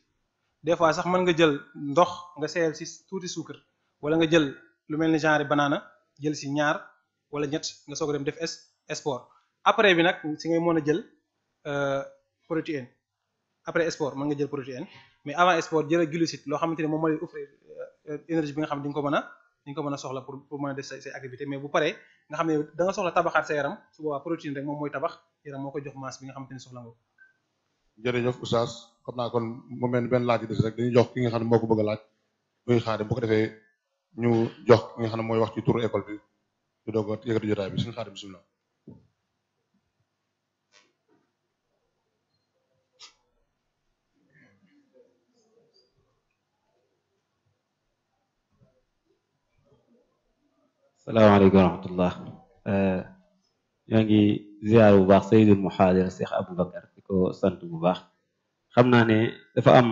S3: des fois sax mën nga jël ndox nga seeyal si tuuti suukar wala nga jël lu mel ni genre banana jël si ñaar wala ñett nga soog a dem def sport après bi nag si ngay mën a jël euh, protéine après sport mën nga jël protéine mais avant sport jëlal glucide loo xamante ni moom moo lay offrir euh, énergie bi nga xam ne nga ko mën a di nga ko mën a a def say xam ne da soxla tabaxaat sa yaram su boobaa protéine rek moom mooy tabax yaram moo ko jox masse bi nga xamante ni soxla nga ko.
S1: jërëjëf Oustaz xam naa kon mu mel ni benn laaj bi des rek dañuy jox ki nga xam ne moo ko laaj muy ko defee ñu jox ki nga xam ne mooy wax ci turu école bi ñu doog a yëkkati jotaay bi suñu xaar bisimilah.
S2: ngi ziar bu baax Seydul Muxaadir Cheikh Aboubacar di ko sant bu baax xam naa ne dafa am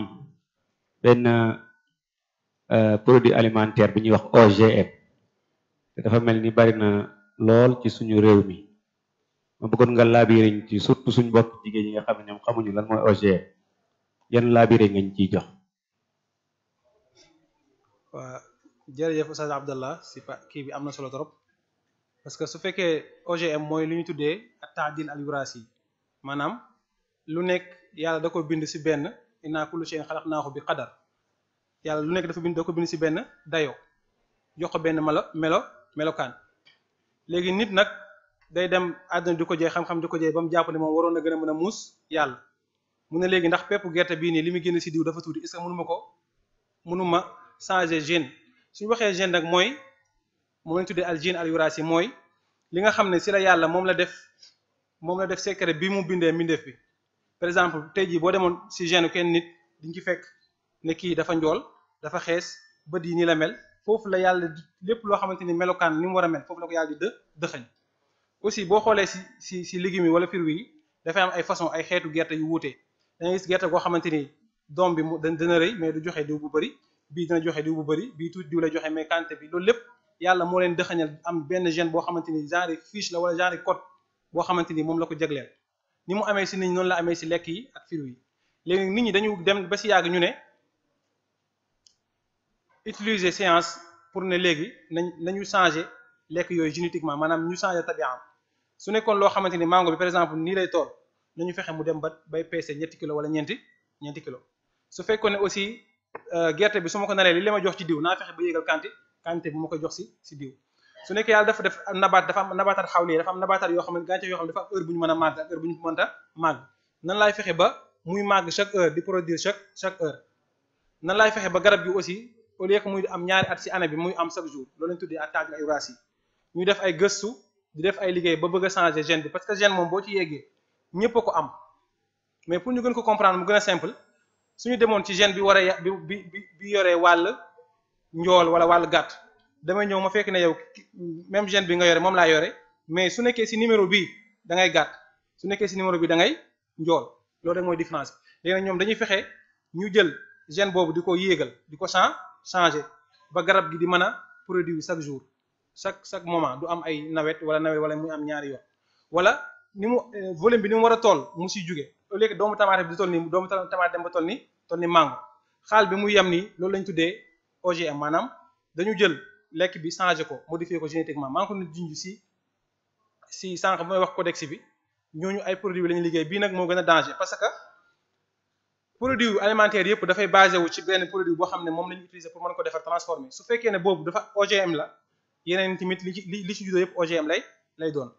S2: benn eh, produit alimentaire bi ñuy wax OGM. dafa mel ni bari na lool ci suñu réew mi ma bëggoon nga laabiriñ ci surtout suñu bopp jigéen ñi nga xam ne ñoom xamuñu lan mooy OGM yan laabiriñ ngañ ciy jox
S3: waa jërëjëf Oustaz Abdallah si pa kii bi am na solo trop parce que su fekkee OGM mooy lu ñu tuddee at-ta'dil al maanaam lu nekk yàlla da ko bind si benn innaa kullu shay'in khalaqnaahu bi qadar yàlla lu nekk dafa bind da ko bind si benn dayo jox benn melo melo melokaan léegi nit nag day dem àdduna di ko jëy xam-xam di ko jëy ba mu jàpp ne moom waroon na gën a mën a muus yàlla mu ne léegi ndax pepp gerte bii nii li muy génn si diw dafa tuuti est-ce que mënuma ko mënuma changer gène suñu waxee gène nag mooy moom tuddee al gène mooy li nga xam ne si la yàlla moom la def moom la def secret bi mu bindee mbindeef bi par exemple tey jii boo demoon si gène kenn nit diñ ci fekk ne kii dafa njool dafa xees bët yi nii la mel foofu la yàlla lépp loo xamante ni melokaan ni mu war a mel foofu la ko yàlla di dë dëxañ aussi boo xoolee si si si légumes yi wala fruits yi dafay am ay façon ay xeetu gerte yu wuutee da gis gerte goo xamante ni doom bi mu dana rey mais du joxe diw bu bëri bii dina joxe diw bu bëri bii tuuti diw la joxe mais quantité bi loolu lépp yàlla moo leen dëxañal am benn gène boo xamante ni genre fiche la wala genre code boo xamante ni moom la ko jagleel ni mu amee si nit ñi noonu la amee si lekk yi ak fruits yi léegi nit ñi dañu dem ba si yàgg ñu ne utiliser science pour ne léegi nañ nañu changer lekk yooyu génétiquement maanaam ñu changer tabiaam su nekkoon loo xamante ni mango bi par exemple nii lay tool nañu fexe mu dem ba bay peese ñetti kilo wala ñeenti ñeenti kilo su fekkoon ne aussi euh, gerte bi su ma ko naree li la jox ci diw naa fexe ba yéegal kanté kanté bi ma koy jox si si diw su nekkee yaa dafa def nabaat dafa am nabaataat xawli dafa am nabaataat yoo xam ne gàncax yoo xam ne dafa am a màgg ak heure nan laay fexe ba muy màgg chaque heure di produire chaque chaque heure nan laay fexe ba garab bi aussi au lieu que muy am ñaari at si année bi muy am chaque jour loolu lañ tuddee attaque ay race yi ñu def ay gëstu di def ay liggéey ba bëgg a changer gène bi parce que gène moom boo ci yeggee ñëpp a ko am mais pour ñu gën ko comprendre mu gën a simple su ñu demoon ci gène bi war a bi bi bi yoree wàll njool wala wàll gàtt damay ñëw ma fekk ne yow même gène bi nga yore moom laa yore mais su nekkee si numéro bii dangay ngay gàtt su nekkee si numéro bi da ngay njool loolu mooy différence bi ñoom dañuy fexe ñu jël gène boobu di ko yéegal di ko changé ba garab gi di man a produit produire chaque jour chaque chaque moment du am ay nawet wala nawet wala muy am ñaari yoon wala ni mu euh, volume bi ni mu war a tool mu si jóge au lieu que doomu tamaate bi di toll nii doomu tamaate dem ni toll ni xaal bi muy yem ni loolu lañ tuddee OGM maanaam dañu jël lekk bi changé ko modifié ko génétiquement maa ngi ko nu junj si si sànq bi may wax codex bi ñoo ñu ay produits lañu liggéey bii nag moo gën a danger produit alimentaire yëpp dafay basé wu ci benn produit boo xam ne moom la ñu utiliser pour mën ko defar transformer su fekkee ne boobu dafa OGM la yeneen tamit li ci li ci juddoo yëpp OGM lay lay doon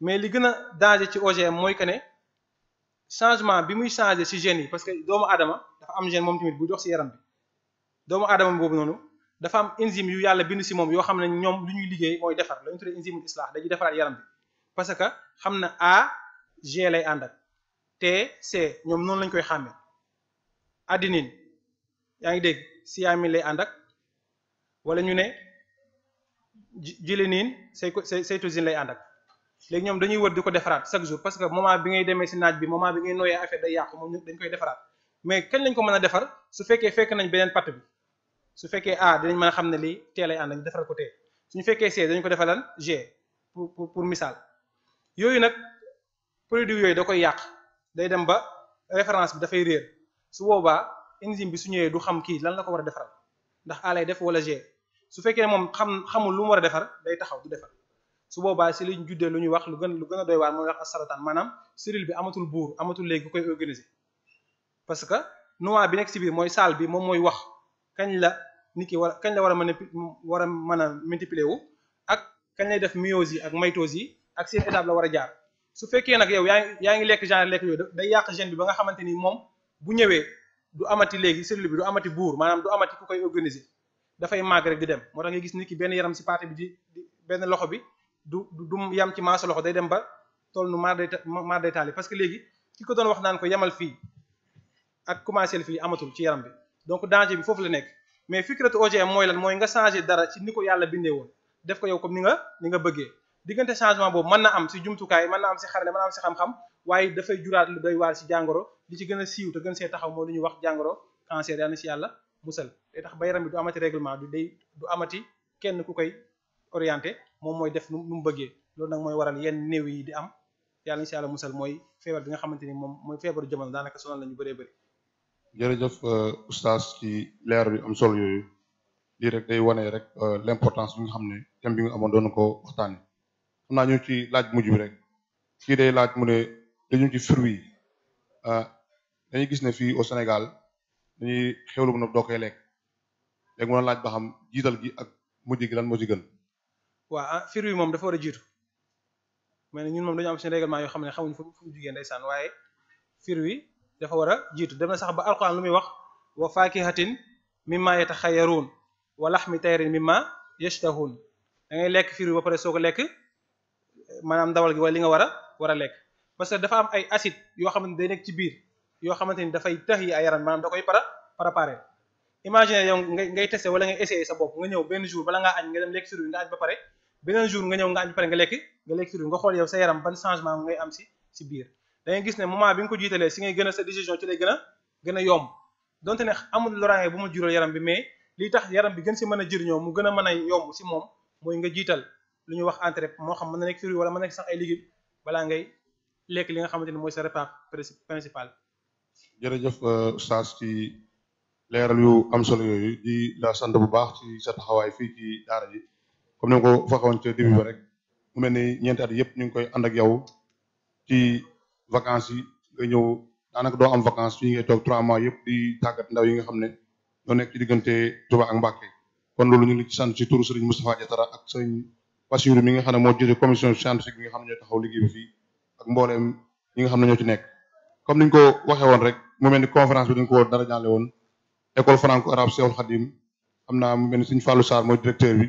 S3: mais li gën a danger ci OGM mooy que ne changement bi muy changer ci gènes yi parce que doomu aadama dafa am gène moom tamit buy dox ci yaram bi doomu adama boobu noonu dafa am enzyme yu yàlla bind ci moom yoo xam ne ñoom lu ñuy liggéey mooy defar la ñu tuddee enzyme islah dañuy parce que xam na A G lay ànd ak T ñoom noonu lañ koy xàmmee. addinin yaa ngi dégg siyaamin lay ànd ak wala ñu ne jilinin say saytosine lay ànd ak léegi ñoom dañuy wër di ko defaraat chaque jour parce que moment bi ngay demee si naaj bi moment bi ngay noyee affaire day yàqu moom dañ koy defaraat mais kañ lañ ko mën a defar su fekkee fekk nañ beneen patt bi su fekkee A ah, dinañ mën a xam ne lii tee lay ànd ak ñu defar ko tee ñu fekkee C dañ ko defal lan G pour pour pour misaal yooyu nag produit yooyu da koy yàq day dem ba référence bi dafay réer. su boobaa enzyme bi su ñëwee du xam kii lan la ko war a defaral ndax A lay def wala G su fekkee moom xam xamul lu war a defar day taxaw defar su boobaa si lañ juddee lu ñuy wax lu gën lu gën a doy waar mooy wax asarataan maanaam cellule bi amatul buur amatul léegi ku koy organiser parce que noyau bi nekk si biir mooy saal bi moom mooy wax kañ la nit ki war kañ la war a mën a war a mën a multiplier wu ak kañ def méiose yi ak mitose yi ak seen étape la war a su fekkee nag yow yaa ngi yaa ngi lekk genre lekk yooyu day yàq gène bi ba nga xamante ni moom bu ñëwee du amati léegi cellule bi du amati buur maanaam du amati ku koy organiser dafay màgg rek di dem moo tax nga gis nit ki benn yaram si parti bi di benn loxo bi du du yam ci maasa loxo day dem ba toll nu maar day maar taali parce que léegi ki ko doon wax naan ko yamal fii ak commencé fii amatul ci yaram bi donc danger bi foofu la nekk mais fikratu OGM mooy lan mooy nga changer dara ci ni ko yàlla bindee woon def ko yow comme ni nga ni nga bëggee diggante changement boobu mën na am si jumtukaay mën na am si xarale mën na am si waaye dafay juraat lu doy waar si jàngoro li ci gën a siiw te gën see taxaw moo lu ñu wax jàngoro cancer yal na si yàlla musal day tax ba yaram bi du amati règlement du day du amati kenn ku koy orienté moom mooy def nu mu bëggee loolu nag mooy waral yenn néew yi di am yàlla na si yàlla musal mooy feebar bi nga xamante ni moom mooy feebaru jamono daanaka sonal nañu bëree bëri.
S1: jërëjëf euh, oustaz ci leer bi am solo yooyu lii rek day wane rek euh, l' importance nga xam ne thème bi nga amoon doon ko waxtaanee xam naa ñu ci laaj mujj bi rek kii te ñu ngi ci fruit ah, dañuy gis ne fii au Sénégal dañuy xewlu bu nag doo koy lekk léegi mën laaj ba xam jiital gi ak mujj gi lan moo ci gën.
S3: waaw ah fruit moom dafa war a jiitu mais ñun moom dañu am seen règlement yoo xam ne xamuñ fu mu jugee ndeysaan waaye fruit dafa war a jiitu dem sax ba alquran lu muy wax wa faakihatin mimma yataxayaruun wa laxmi tayrin mimma yashtahun da ngay lekk fruit ba pare soo lekk maanaam dawal gi wa li nga war a war a lekk. parce que dafa am ay acide yoo xamante day nekk ci biir yoo xamante ni dafay tax yi ay yaram maanaam da koy para préparé imagine yow ngay ngay testé wala ngay essayé sa bopp nga ñëw benn jour bala nga nga añ ba pare beneen jour nga ñëw nga añ ba pare nga lekk nga lekk sirop nga xool yow sa yaram ban ngay am si biir da ngay ne moment bi ko jiitalee si ngay gën a sa décision ci a gën a yomb donte ne amul loraange bu ma jural yaram bi mais li tax yaram bi gën si mën a jëriñoo mu gën a mën a yomb si moom mooy nga jiital lu ñuy wax entrée moo xam mën na nekk sirop wala mën na nekk sax ay légumes bala ngay lekk li nga xamante ni mooy sa repas principal.
S1: jërëjëf euh, Oustaz ci leeral yu am solo yooyu di la sant bu baax ci sa taxawaay fii ci daara ji comme ni ko waxoon ca début ba mu mel ni ñeenti yëpp ñu ngi koy ànd yow ci vacances yi nga ñëw am vacances fii ngay toog trois yi nga xam ne ñoo nekk ci diggante Touba ak Mbacké ak Serigne Bassirou mi nga xam ne moo jiite commission scientifique bi taxaw liggéey bi fii mbooleem yi nga xam ne ñoo ci nekk comme niñ ko waxee woon rek mu mel ni conférence bi dañ ko dara jàlle woon école franco arabe Cheikhoul Khadim xam naa mu mel ni suñu Fallou Sarr directeur bi